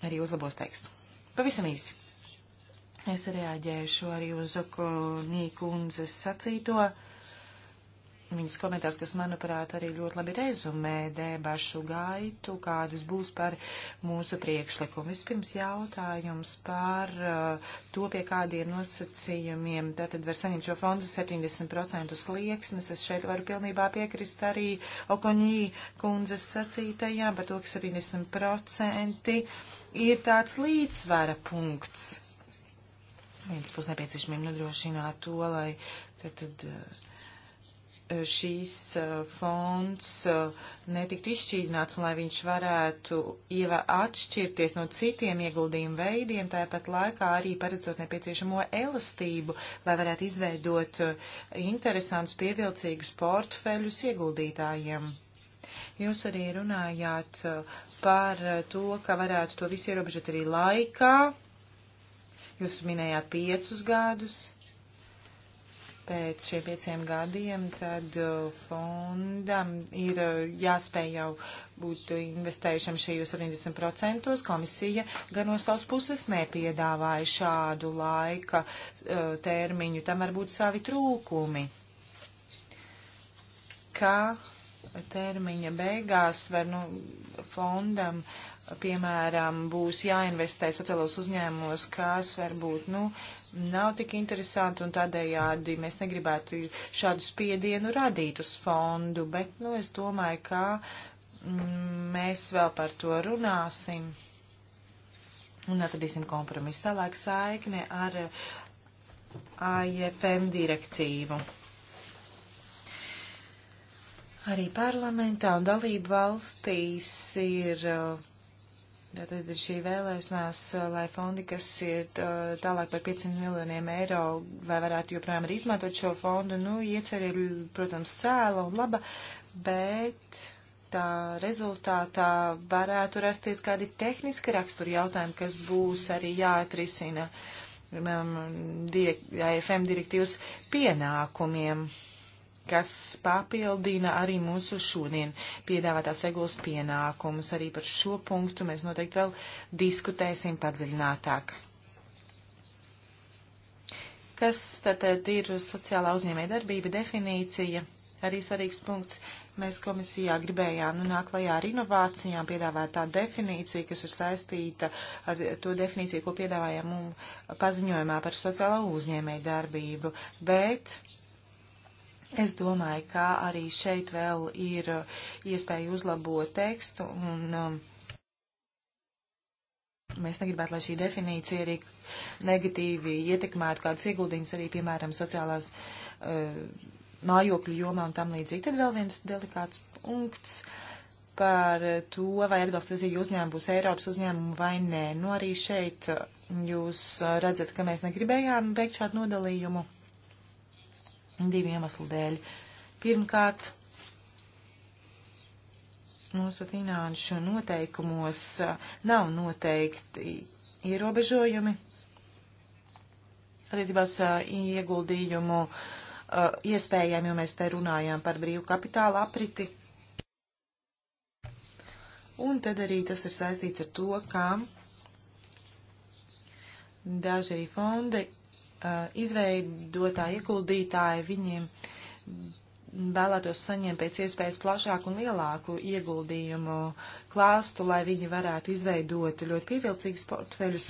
arī uzlabos tekstu. Pavisam īsi. Es reaģēšu arī uz Nīkundzes sacīto. Viņas komentārs, kas, manuprāt, arī ļoti labi rezumē debašu gaitu, kādas būs par mūsu priekšlikumu. Vispirms jautājums par uh, to, pie kādiem nosacījumiem tātad var saņemt šo fondu 70% slieksnes. Es šeit varu pilnībā piekrist arī Okoņī kundzes sacītajām par to, ka 70% ir tāds līdzsvara punkts vienas puses nepieciešamību nodrošināt to, lai tad, tad eh, šīs eh, fonds eh, netiktu izšķīdināts un lai viņš varētu ieva atšķirties no citiem ieguldījumu veidiem, tāpat laikā arī paredzot nepieciešamo elastību, lai varētu izveidot interesantus pievilcīgus portfeļus ieguldītājiem. Jūs arī runājāt par to, ka varētu to visu ierobežot arī laikā Jūs minējāt piecus gadus. Pēc šiem pieciem gadiem tad uh, fondam ir uh, jāspēj jau būt investējušam šajos 70%. Komisija gan no savas puses nepiedāvāja šādu laika uh, termiņu. Tam var būt savi trūkumi. Kā termiņa beigās var nu, fondam uh, piemēram, būs jāinvestē sociālos uzņēmumos, kas varbūt, nu, nav tik interesanti un tādējādi mēs negribētu šādu spiedienu radīt uz fondu, bet, nu, es domāju, ka mm, mēs vēl par to runāsim un atradīsim kompromisu. Tālāk saikne ar AIFM direktīvu. Arī parlamentā un dalību valstīs ir uh, Tātad ir šī vēlēšanās, eh, lai fondi, kas ir eh, tālāk par 500 miljoniem eiro, lai varētu joprojām arī izmantot šo fondu, nu, iecer ir, protams, cēla un laba, bet tā rezultātā varētu rasties kādi tehniski raksturi jautājumi, kas būs arī jāatrisina direkt, AFM direktīvas pienākumiem. Uh, kas papildina arī mūsu šodien piedāvātās regulas pienākumus. Arī par šo punktu mēs noteikti vēl diskutēsim padziļinātāk. Kas tad ir sociālā uzņēmē darbība definīcija? Arī svarīgs punkts. Mēs komisijā gribējām nu, nākt klajā ar inovācijām, piedāvāt tādu definīciju, kas ir saistīta ar to definīciju, ko piedāvājām paziņojumā par sociālo uzņēmēju darbību. Bet Es domāju, ka arī šeit vēl ir uh, iespēja uzlabot tekstu, un um, mēs negribētu, lai šī definīcija arī negatīvi ietekmētu kādas ieguldījumus arī, piemēram, sociālās uh, mājokļu jomā un tam līdzīgi. Tad vēl viens delikāts punkts par to, vai atbalstīsīgi uzņēmumi būs Eiropas uzņēmumi vai nē. Nu arī šeit uh, jūs uh, redzat, ka mēs negribējām veikt šādu nodalījumu divu iemeslu dēļ. Pirmkārt, mūsu finanšu noteikumos nav noteikti ierobežojumi attiecībā uz ieguldījumu iespējām, jo mēs te runājām par brīvu kapitāla apriti. Un tad arī tas ir saistīts ar to, kā daži fondi Uh, izveidotāji, ieguldītāji, viņiem vēlētos saņemt pēc iespējas plašāku un lielāku ieguldījumu klāstu, lai viņi varētu izveidot ļoti pievilcīgus portfeļus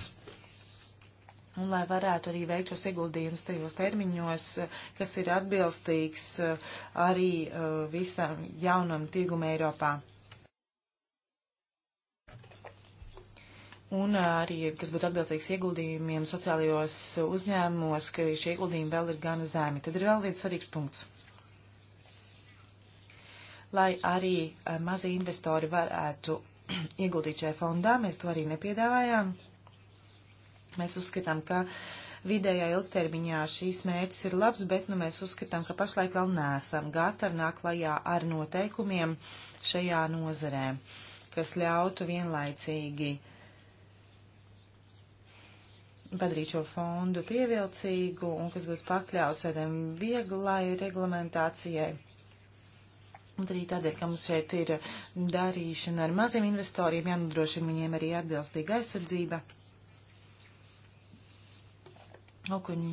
un lai varētu arī veikt šos ieguldījumus tajos termiņos, kas ir atbilstīgs uh, arī uh, visam jaunam tirgumam Eiropā. un arī, kas būtu atbilstīgs ieguldījumiem sociālajos uzņēmumos, ka šie ieguldījumi vēl ir gan zemi. Tad ir vēl viens svarīgs punkts. Lai arī eh, mazi investori varētu ieguldīt šajā fondā, mēs to arī nepiedāvājām. Mēs uzskatām, ka vidējā ilgtermiņā šīs mērķis ir labs, bet nu, mēs uzskatām, ka pašlaik vēl neesam gatavi nāk lajā ar noteikumiem šajā nozarē, kas ļautu vienlaicīgi uh, padarīt šo fondu pievilcīgu un kas būtu pakļauts tādiem vieglai reglamentācijai. Un arī tādēļ, ka mums šeit ir darīšana ar maziem investoriem, jānodrošina viņiem arī atbilstīga aizsardzība. Okuņi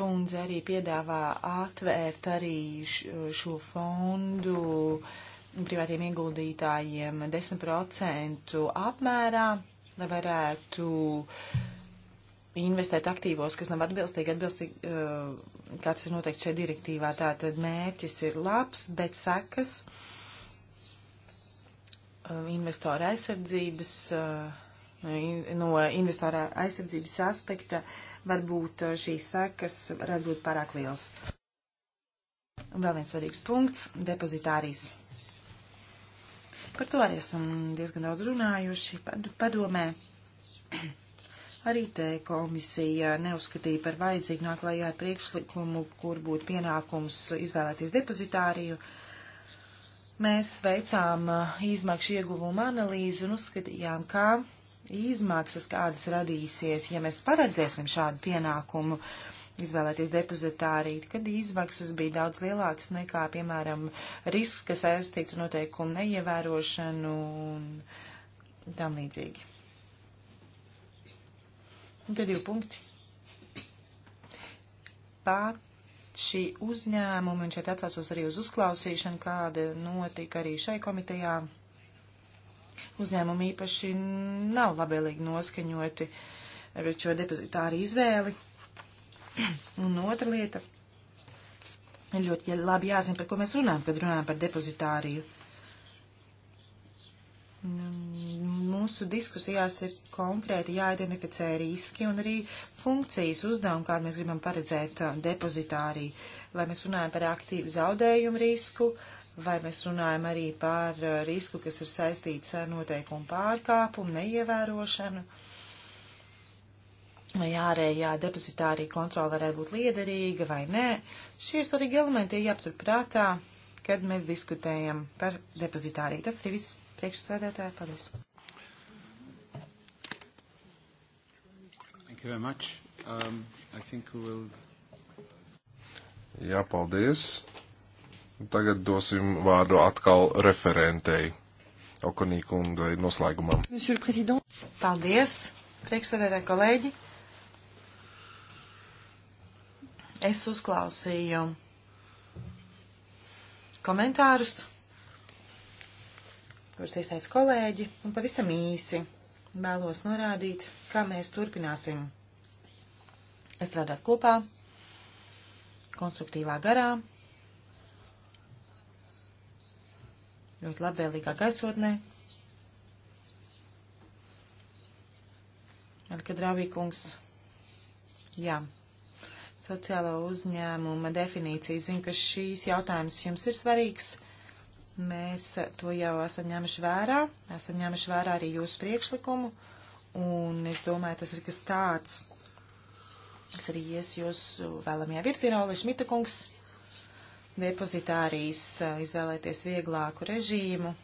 kundze arī piedāvā atvērt arī šo fondu privātiem ieguldītājiem 10% apmērā nevarētu investēt aktīvos, kas nav atbilstīgi, atbilstīgi, eh, kāds ir noteikti šajā direktīvā. Tātad mērķis ir labs, bet sekas eh, investora aizsardzības, eh, no investora aizsardzības aspekta varbūt šīs sekas varētu būt pārāk liels. Un vēl viens svarīgs punkts - depozitārijas Par to arī esam diezgan daudz runājuši padomē. Arī te komisija neuzskatīja par vajadzīgu nāk klajā ar priekšlikumu, kur būtu pienākums izvēlēties depozitāriju. Mēs veicām uh, izmaksu ieguvumu analīzi un uzskatījām, ka izmaksas, kādas radīsies, ja mēs paredzēsim šādu pienākumu, uh, izvēlēties depozitārīt, kad izmaksas bija daudz lielākas nekā, piemēram, risks, kas aizstīts ar noteikumu neievērošanu un tam līdzīgi. Tad divi punkti. Pat šī uzņēmuma, un šeit atsaucos arī uz uzklausīšanu, kāda notika arī šai komitejā, uzņēmumi īpaši nav labēlīgi noskaņoti ar šo depozitāru izvēli. Un otra lieta ir ļoti ja labi jāzina, par ko mēs runājam, kad runājam par depozitāriju. Mūsu diskusijās ir konkrēti jāidentificē riski un arī funkcijas uzdevumi, kādu mēs gribam paredzēt uh, depozitāriju. Vai mēs runājam par aktīvu zaudējumu risku, vai mēs runājam arī par uh, risku, kas ir saistīts ar noteikumu pārkāpumu, neievērošanu. Uh, vai ārējā depozitārī kontrola varētu būt liederīga vai nē. Šie ir svarīgi elementi jāpatur prātā, kad mēs diskutējam par depozitārī. Tas arī viss priekšsēdētāji. Paldies! Thank you very much. Um, I think we will... Jā, paldies. Tagad dosim vārdu atkal referentei Okonī kundai noslēgumam. Paldies, priekšsēdētāji kolēģi. Es uzklausīju komentārus, kurus izteica kolēģi, un pavisam īsi vēlos norādīt, kā mēs turpināsim strādāt kopā, konstruktīvā garā, ļoti labvēlīgā gaisotnē. Ar kad Rāvīkungs, jā sociālo uzņēmuma definīciju. Zinu, ka šīs jautājums jums ir svarīgs. Mēs to jau esam ņēmuši vērā, esam ņēmuši vērā arī jūsu priekšlikumu, un es domāju, tas ir kas tāds, kas arī ies jūsu vēlamajā virzienā, Oli Šmita kungs, depozitārijas izvēlēties vieglāku režīmu,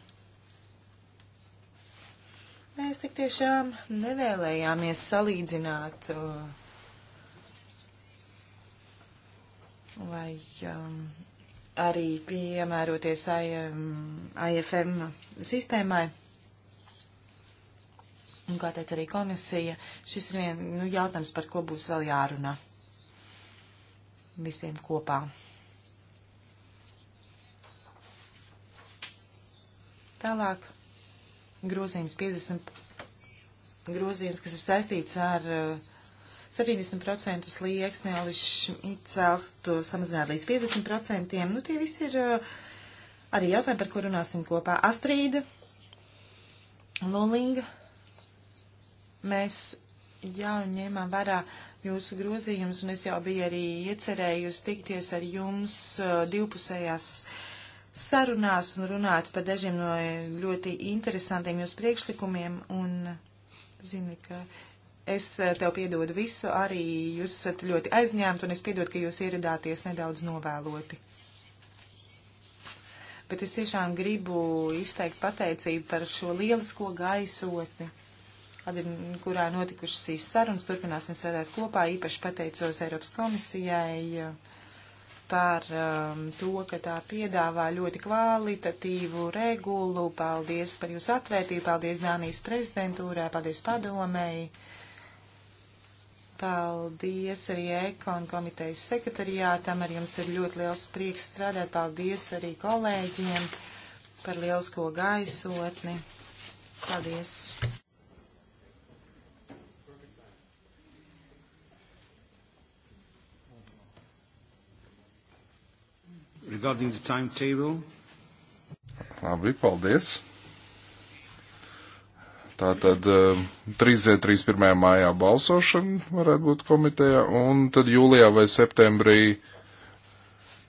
Mēs tik tiešām nevēlējāmies salīdzināt uh, lai um, arī piemēroties IFM um, sistēmai. Un, kā teica arī komisija, šis ir vien nu, jautājums, par ko būs vēl jārunā visiem kopā. Tālāk grozījums 50, grozījums, kas ir saistīts ar uh, 70% slieksni līdz cēls to samazināt līdz 50%. Nu, tie visi ir eh, arī jautājumi, par kur runāsim kopā. Astrīda, Lulinga, mēs jau ņēmām vērā jūsu grozījumus, un es jau biju arī iecerējusi tikties ar jums eh, divpusējās sarunās un runāt par dažiem no ļoti interesantiem jūsu priekšlikumiem, un zinu, ka Es eh, tev piedodu visu, arī jūs esat ļoti aizņemti, un es piedodu, ka jūs ieradāties nedaudz novēloti. Bet es tiešām gribu izteikt pateicību par šo lielisko gaisotni kurā notikušas šīs sarunas. Turpināsim strādāt kopā. Īpaši pateicos Eiropas komisijai eh, par um, to, ka tā piedāvā ļoti kvalitatīvu regulu. Paldies par jūsu atvērtību, paldies Dānijas prezidentūrē, paldies padomēji. Paldies arī Ekon komitejas sekretariātam, ar jums ir ļoti liels prieks strādāt. Paldies arī kolēģiem par lielisko gaisotni. Paldies! Regarding the timetable. Labi, paldies. Tātad 31. Eh, maijā balsošana varētu būt komitejā, un tad jūlijā vai septembrī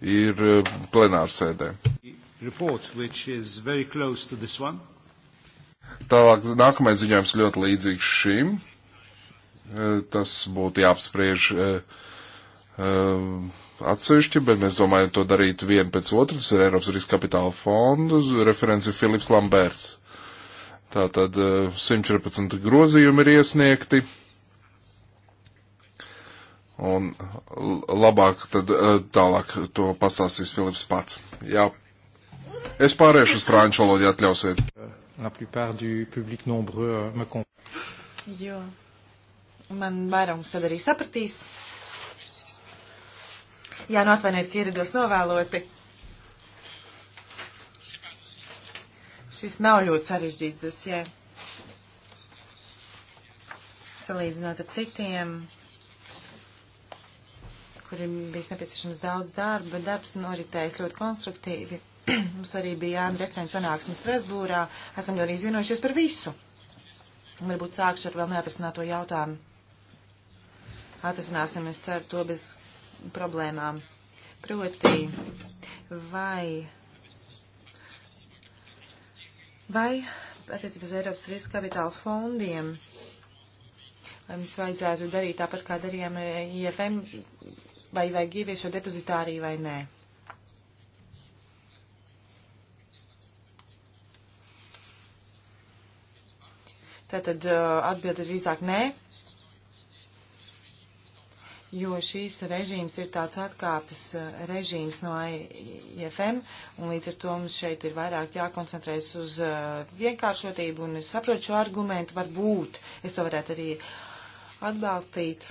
ir eh, plenārsēdē. Tālāk nākamais ziņojums ļoti līdzīgs šim. Eh, tas būtu jāapspriež atsevišķi, bet mēs domājam to darīt vienu pēc otru. Tas ir Eiropas riska kapitāla fondu, referents ir Filips Lamberts. Tātad 114 eh, grozījumi ir iesniegti. Un labāk tad eh, tālāk to pastāstīs Filips pats. Jā. Es pārēšu uz franču valodu, ja atļausiet. Euh, jo. Man vairums tad arī sapratīs. Jā, nu atvainojiet, ka ierados novēloti. Šis nav ļoti sarežģīts dosjē. Salīdzinot ar citiem, kuriem bija nepieciešams daudz darba, darbs noritējis ļoti konstruktīvi. Mums arī bija jāna referents sanāksme Strasbūrā. Esam gan izvienojušies par visu. Un varbūt sākšu ar vēl neatrisināto jautājumu. Atrisināsim, es ceru, to bez problēmām. Proti, vai Vai attiecībā uz Eiropas riska kapitāla fondiem mums vajadzētu darīt tāpat, kā darījām e, IFM, vai vajag ievies šo depozitāriju vai nē? Tātad e, atbildi ir drīzāk nē jo šīs režīms ir tāds atkāpes eh, režīms no IFM, un līdz ar to mums šeit ir vairāk jākoncentrēs uz eh, vienkāršotību, un es saprotu šo argumentu, varbūt es to varētu arī atbalstīt.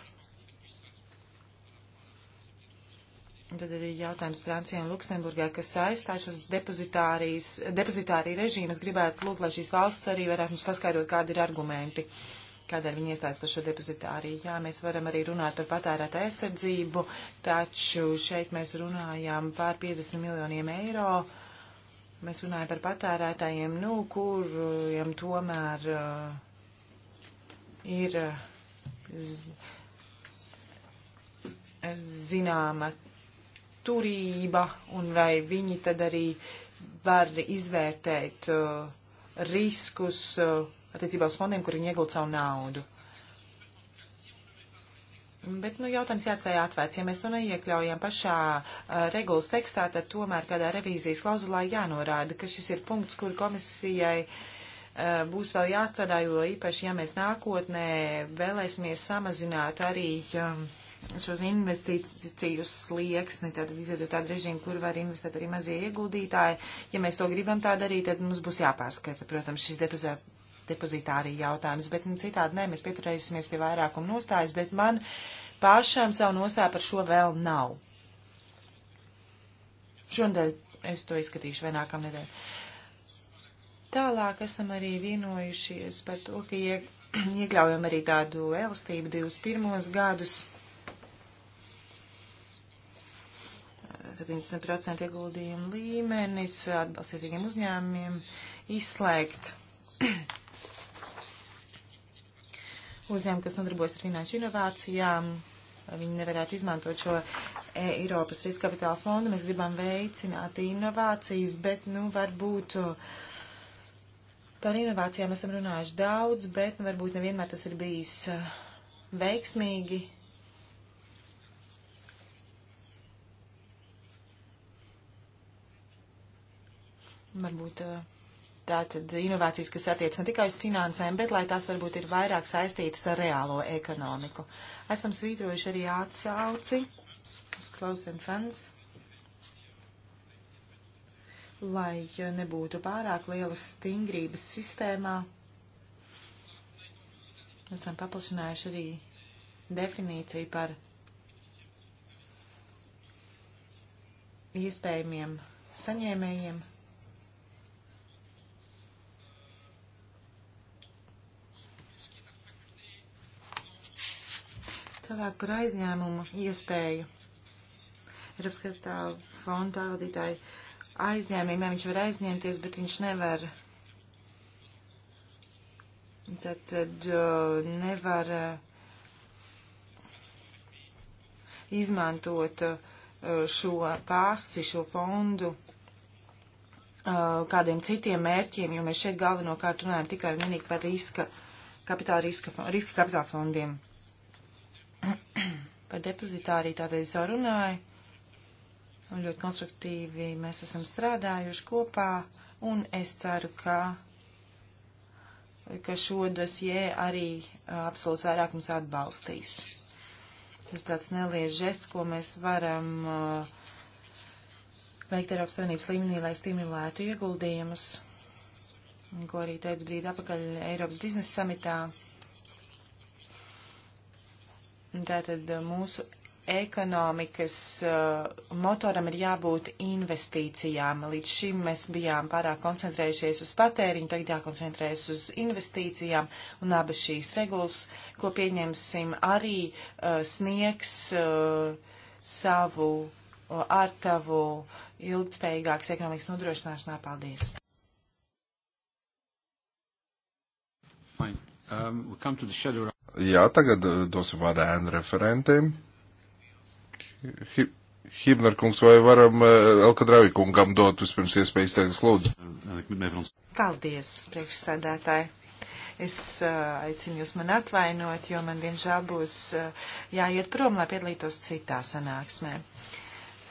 Tad arī jautājums Francijai un Luksemburgai, kas aizstāj šos depozitāriju režīmu. Es gribētu lūgt, lai šīs valsts arī varētu mums paskaidrot, kādi ir argumenti. Uh, kādēļ viņi iestājas par šo depozitāriju. Jā, mēs varam arī runāt par patērētā aizsardzību, taču šeit mēs runājām pār 50 miljoniem eiro. Mēs runājam par patērētājiem, nu, kuriem tomēr uh, ir uh, zināma turība un vai viņi tad arī var izvērtēt uh, riskus, uh, attiecībā uz fondiem, kur viņi ieguld savu naudu. Bet, nu, jautājums jāatstāj atvērts. Ja mēs to neiekļaujam pašā uh, regulas tekstā, tad tomēr kādā revīzijas klauzulā jānorāda, ka šis ir punkts, kur komisijai uh, būs vēl jāstrādā, jo īpaši, ja mēs nākotnē vēlēsimies samazināt arī um, šos investīciju slieksni, tad izveidot tādu režīmu, kur var investēt arī mazie ieguldītāji. Ja mēs to gribam tā darīt, tad mums būs jāpārskata, protams, šis depozēt depozitārī jautājums, bet nu, citādi nē, mēs pieturēsimies pie vairākuma nostājas, bet man pašām savu nostāju par šo vēl nav. Šodien es to izskatīšu vienākam nedēļ. Tālāk esam arī vienojušies par to, ka ie, iekļaujam arī tādu elastību 21. gadus. 70% ieguldījumu līmenis atbalstīsīgiem uzņēmumiem izslēgt Uzņēmumi, kas nodarbojas ar finanšu inovācijām, viņi nevarētu izmantot šo e, Eiropas riska kapitāla fondu. Mēs gribam veicināt inovācijas, bet, nu, varbūt par inovācijām esam runājuši daudz, bet, nu, varbūt nevienmēr tas ir bijis e, veiksmīgi. Varbūt uh, Tātad inovācijas, kas attiec ne tikai uz finansēm, bet lai tās varbūt ir vairāk saistītas ar reālo ekonomiku. Esam svītrojuši arī atsauci uz Close and Fans, lai nebūtu pārāk lielas stingrības sistēmā. Esam paplašinājuši arī definīciju par iespējamiem saņēmējiem Tālāk par aizņēmumu iespēju. Eiropas kapitāla fonda pārvaldītāji aizņēmumiem viņš var aizņemties, bet viņš nevar. Tad, tad nevar e, izmantot e, šo pasi, šo fondu e, kādiem citiem mērķiem, jo mēs šeit galvenokārt runājam tikai un vienīgi par riska kapitāla, riska, riska kapitāla fondiem par depozitāriju tādēļ sarunāju. Un ļoti konstruktīvi mēs esam strādājuši kopā, un es ceru, ka, ka šo dosjē arī absolūts vairākums atbalstīs. Tas tāds neliels žests, ko mēs varam uh, veikt Eiropas Savienības līmenī, lai stimulētu ieguldījumus, ko arī teica brīdi apakaļ Eiropas biznesa samitā. Tātad eh, mūsu ekonomikas uh, motoram ir jābūt investīcijām. Līdz šim mēs bijām pārāk koncentrējušies uz patēriņu, tagad jākoncentrējas uz investīcijām, un abas šīs regulas, ko pieņemsim, arī uh, sniegs uh, savu uh, ārtavu ilgspējīgākas ekonomikas nodrošināšanā. Paldies! Fine. Um, shadow... Jā, tagad uh, dosim vārdu ēnu referentiem. Hi Hibner kungs, vai varam uh, Elka Dravi kungam dot vispirms iespēju izteikties lūdzu? Paldies, priekšsēdētāji. Es uh, aicinu jūs man atvainot, jo man, diemžēl, būs uh, jāiet prom, lai piedalītos citā sanāksmē.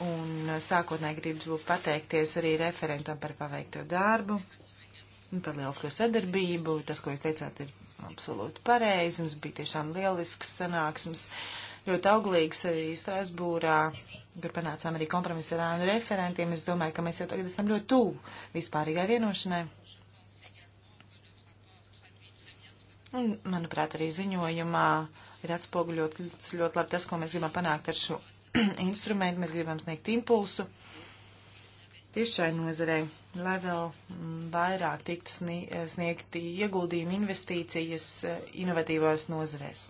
Un uh, sākotnēji gribu pateikties arī referentam par paveikto darbu un par lielisko sadarbību. Tas, ko jūs teicāt, ir absolūti pareizi. Mums bija tiešām lielisks sanāksmes, ļoti auglīgs arī Strasbūrā, kur panācām arī kompromisu ar ānu referentiem. Es domāju, ka mēs jau tagad esam ļoti tuvu vispārīgai vienošanai. Un, manuprāt, arī ziņojumā ir atspoguļots ļoti labi tas, ko mēs gribam panākt ar šo instrumentu. Mēs gribam sniegt impulsu. Uh, tieši šai nozarei, lai vēl mm, vairāk tiktu eh, sniegti ieguldījumi investīcijas eh, inovatīvās nozarēs.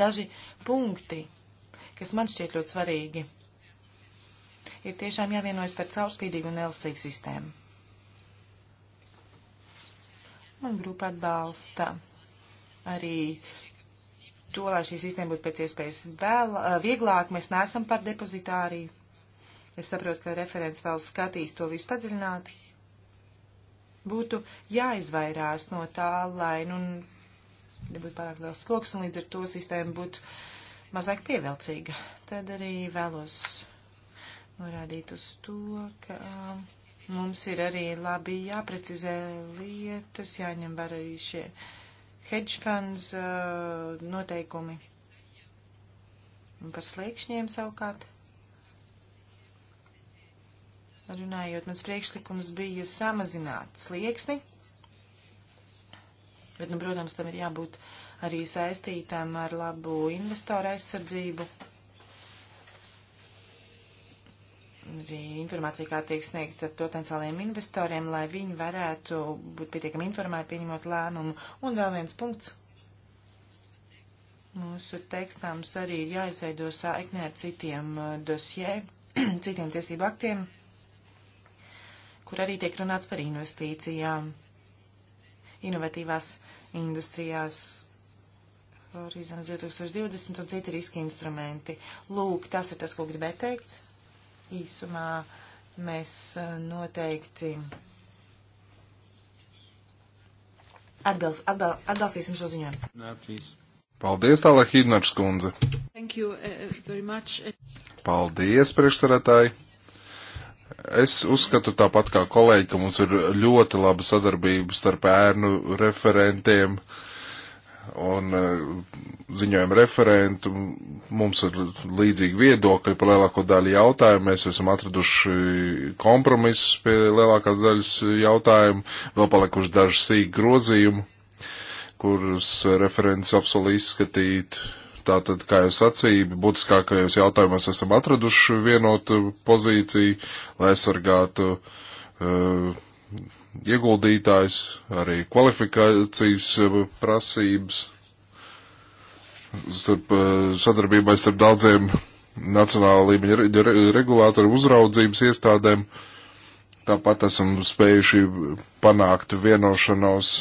Daži punkti, kas man šķiet ļoti svarīgi, ir tiešām jāvienojas par caurspīdīgu un elastīgu sistēmu. Man grupa atbalsta arī to, lai šī sistēma būtu pēc iespējas vēl, eh, vieglāk. Mēs neesam par depozitāriju. Es saprotu, ka referents vēl skatīs to visu padziļināti. Būtu jāizvairās no tā, lai nu, nebūtu pārāk liels sloks un līdz ar to sistēma būtu mazāk pievilcīga. Tad arī vēlos norādīt uz to, ka um, mums ir arī labi jāprecizē lietas, jāņem var arī šie hedge funds uh, noteikumi. Un par sliekšņiem savukārt runājot, mans priekšlikums bija samazināt slieksni, bet, nu, protams, tam ir jābūt arī saistītām ar labu investoru aizsardzību. Arī informācija, kā tiek sniegta potenciāliem investoriem, lai viņi varētu būt pietiekami informēti, pieņemot lēmumu. Un vēl viens punkts. Mūsu tekstām arī ir jāizveido saiknē ar citiem eh, dosjē, citiem tiesību aktiem kur arī tiek runāts par investīcijām, inovatīvās industrijās, Horizons 2020 un citi riski instrumenti. Lūk, tas ir tas, ko gribēju teikt. Īsumā mēs eh, noteikti atbalst, atbalst, atbalstīsim šo ziņojumu. Nā, Paldies, tālāk Hidnars kundze. Thank you eh, eh, very much. Paldies, priekšsarētāji. Es uzskatu tāpat kā kolēģi, ka mums ir ļoti laba sadarbība starp ērnu referentiem un eh, ziņojumu referentu. Mums ir līdzīgi viedokļi par lielāko daļu jautājumu. Mēs esam atraduši kompromisus pie lielākās daļas jautājumu, vēl palikuši daži sīki grozījumi, kurus referents apsolīja izskatīt Tātad, kā jau sacīju, būtiskākajos jautājumos esam atraduši vienotu pozīciju, lai aizsargātu uh, ieguldītājs, arī kvalifikācijas eh, prasības, starp, eh, sadarbībai starp daudziem nacionāla līmeņa re, re, regulātoru uzraudzības iestādēm. Tāpat esam spējuši panākt vienošanos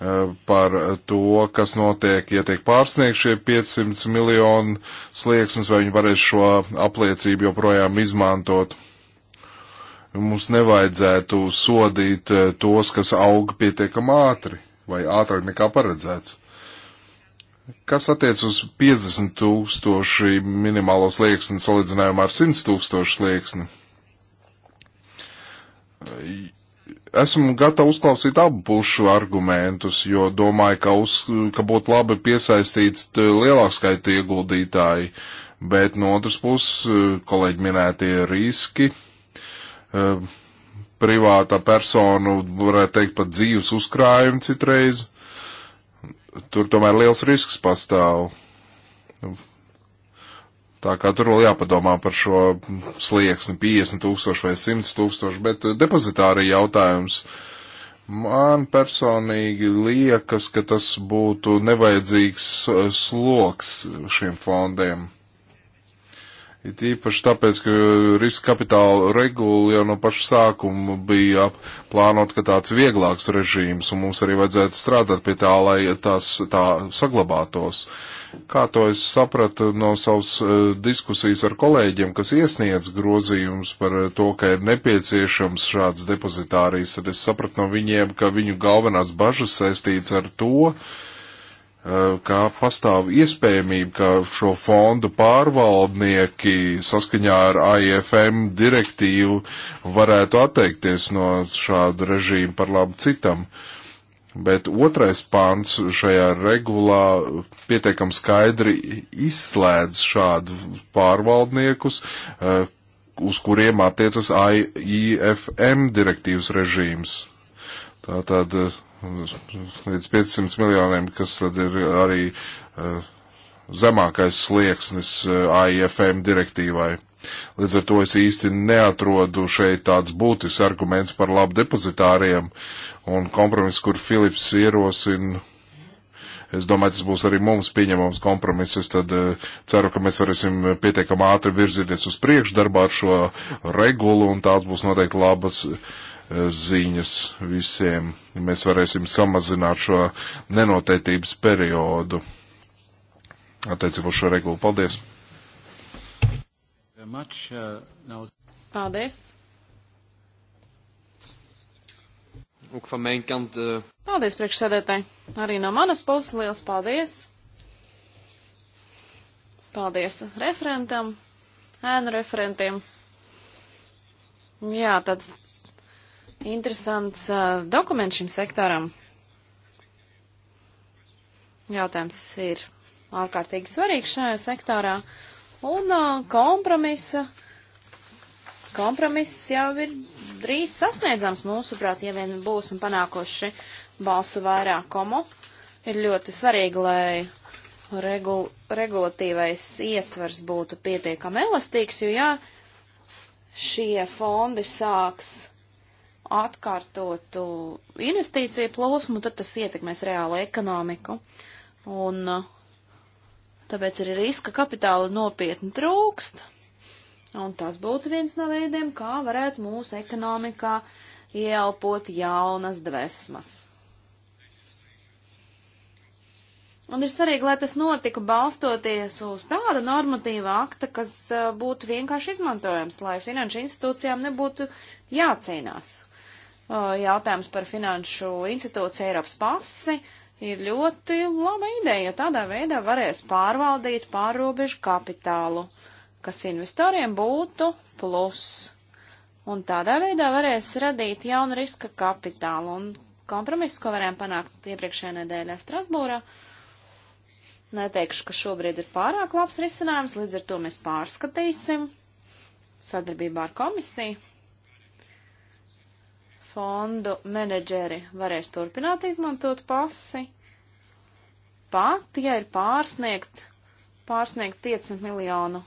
Eh, par to, kas notiek, ja tiek pārsniegts šie 500 miljonu slieksnes, vai viņi varēs šo apliecību joprojām izmantot. Mums nevajadzētu sodīt eh, tos, kas aug pietiekam ātri vai ātrāk nekā paredzēts. Kas attiec uz 50 tūkstoši minimālo slieksni salīdzinājumā ar 100 tūkstošu slieksni? Esmu gatavs uzklausīt abu pušu argumentus, jo domāju, ka, uz, ka būtu labi piesaistīts lielāks skaita ieguldītāji, bet no otras puses e, kolēģi minētie riski, e, privātā personu, varētu teikt, pat dzīves uzkrājumi citreiz. Tur tomēr liels risks pastāv. Tā kā tur vēl jāpadomā par šo slieksni 50 tūkstoši vai 100 tūkstoši, bet eh, depozitāri jautājums. Man personīgi liekas, ka tas būtu nevajadzīgs eh, sloks šiem fondiem. It īpaši tāpēc, ka riska kapitāla regula jau no paša sākuma bija plānot, ka tāds vieglāks režīms, un mums arī vajadzētu strādāt pie tā, lai tās tā saglabātos. Kā to es sapratu no savas uh, diskusijas ar kolēģiem, kas iesniedz grozījums par eh, to, ka ir nepieciešams šāds depozitārijas, tad es sapratu no viņiem, ka viņu galvenās bažas saistīts ar to, uh, Eh, kā pastāv iespējamība, ka šo fondu pārvaldnieki saskaņā ar IFM direktīvu varētu atteikties no šāda režīma par labu citam. Bet otrais pāns šajā regulā pietiekam skaidri izslēdz šādu pārvaldniekus, eh, uz kuriem attiecas IFM direktīvas režīms. Tātad eh, līdz 500 miljoniem, kas tad ir arī uh, zemākais slieksnis uh, eh, AIFM direktīvai. Līdz ar to es īsti neatrodu šeit tāds būtisks arguments par labu depozitāriem un kompromiss, kur Filips ierosina. Es domāju, tas būs arī mums pieņemams kompromiss. Es tad uh, ceru, ka mēs varēsim pietiekam ātri virzīties uz priekšu darbā ar šo regulu un tās būs noteikti labas uh, ziņas visiem. Mēs varēsim samazināt šo nenoteitības periodu attiecībā uz šo regulu. Paldies! Paldies! Ook van mijn kant. Uh... Paldies, priekšsēdētāji. Arī no manas puses liels paldies. Paldies referentam, ēnu referentiem. Jā, tad interesants uh, dokuments šim sektoram. Jautājums ir ārkārtīgi svarīgs šajā sektorā. Un uh, kompromisa, kompromiss jau ir drīz sasniedzams mūsuprāt, ja vien būsim panākoši balsu vairākumu. Ir ļoti svarīgi, lai regul regulatīvais ietvers būtu pietiekami elastīgs, jo jā, šie fondi sāks atkārtotu investīciju plūsmu, tad tas ietekmēs reālo ekonomiku. Un uh, tāpēc arī riska kapitāla nopietni trūkst. Un tas būtu viens no veidiem, kā varētu mūsu ekonomikā ieelpot jaunas dvēsmas. Un ir svarīgi, lai tas notika balstoties uz tāda normatīva akta, kas uh, būtu vienkārši izmantojams, lai finanšu institūcijām nebūtu jācīnās jautājums par finanšu institūciju Eiropas pasi ir ļoti laba ideja, jo tādā veidā varēs pārvaldīt pārrobežu kapitālu, kas investoriem būtu plus. Un tādā veidā varēs radīt jaunu riska kapitālu. Un kompromiss, ko varējām panākt iepriekšējā nedēļā Strasbūrā, neteikšu, ka šobrīd ir pārāk labs risinājums, līdz ar to mēs pārskatīsim sadarbībā ar komisiju fondu menedžeri varēs turpināt izmantot pasi, pat, ja ir pārsniegt, pārsniegt 500 miljonu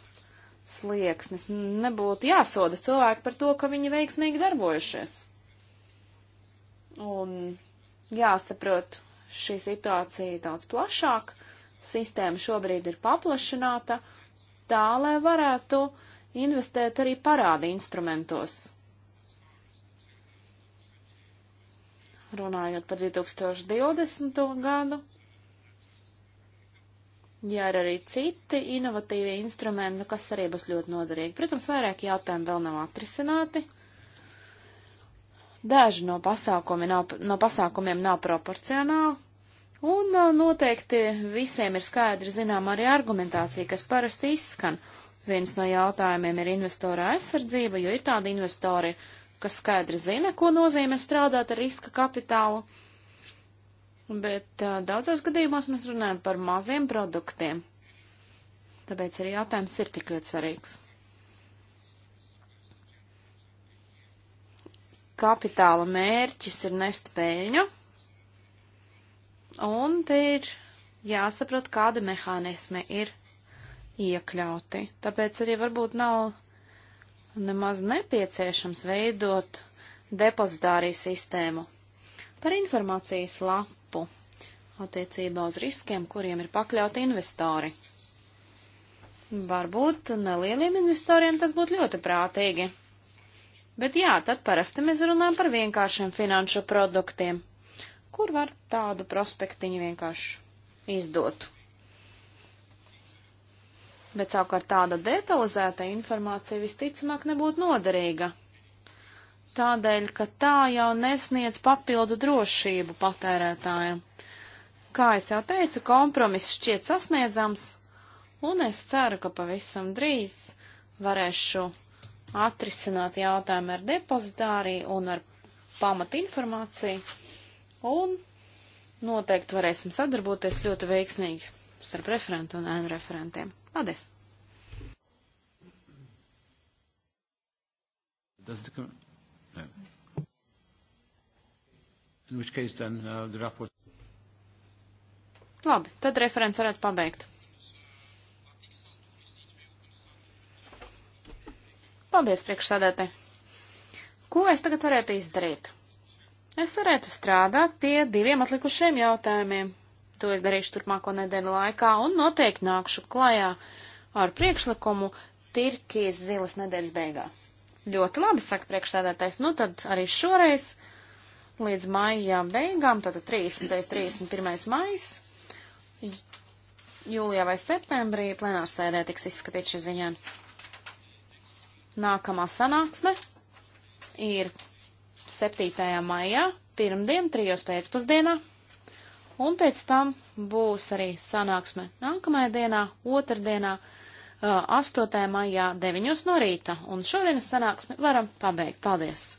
slieksnis. Nebūtu jāsoda cilvēki par to, ka viņi veiksmīgi darbojušies. Un jāsaprot šī situācija daudz plašāk. Sistēma šobrīd ir paplašināta tā, lai varētu investēt arī parādi instrumentos. runājot par 2020. gadu. Jā, ir arī citi inovatīvi instrumenti, kas arī būs ļoti noderīgi. Protams, vairāk jautājumu vēl nav atrisināti. Daži no, pasākumi nav, no pasākumiem nav proporcionāli, un uh, noteikti visiem ir skaidri zinām arī argumentācija, kas parasti izskan. Viens no jautājumiem ir investora aizsardzība, jo ir tādi investori, uh, kas skaidri zina, ko nozīmē strādāt ar riska kapitālu, bet uh, daudzos gadījumos mēs runājam par maziem produktiem. Tāpēc arī jautājums ir tik ļoti svarīgs. Kapitāla mērķis ir nest peļņu, un te ir jāsaprot, kāda mehānismi ir iekļauti. Tāpēc arī varbūt nav nemaz nepieciešams veidot depozitāriju sistēmu par informācijas lapu attiecībā uz riskiem, kuriem ir pakļauti investori. Varbūt nelieliem investoriem tas būtu ļoti prātīgi. Bet jā, tad parasti mēs runājam par vienkāršiem finanšu produktiem, kur var tādu prospektiņu vienkārši izdot bet savukārt tāda detalizēta informācija visticamāk nebūtu noderīga. Tādēļ, ka tā jau nesniedz papildu drošību patērētājiem. Kā es jau teicu, kompromiss šķiet sasniedzams, un es ceru, ka pavisam drīz varēšu atrisināt jautājumu ar depozitāriju un ar pamata informāciju, un noteikti varēsim sadarboties ļoti veiksmīgi starp referentu un ēnu referentiem. Paldies! Does the com- no. In which case then uh, the report. Labi, tad referents varētu pabeigt. Paldies, priekšsādātē. Ko es tagad varētu izdarīt? Es varētu strādāt pie diviem atlikušiem jautājumiem. To es darīšu turpmāko nedēļu laikā un noteikti nākšu klajā ar priekšlikumu Tirkijas zilas nedēļas beigās. Ļoti labi, saka priekšsēdētājs. Nu tad arī šoreiz līdz maijā beigām, tātad 30. 31. maijs, jūlijā vai septembrī plenārsēdē tiks izskatīts šis ziņojums. Nākamā sanāksme ir 7. maijā, pirmdien, trijos pēcpusdienā. Un pēc tam būs arī sanāksme nākamajā dienā, otrdienā, 8. maijā, 9. no rīta. Un šodienas sanāksmi varam pabeigt. Paldies!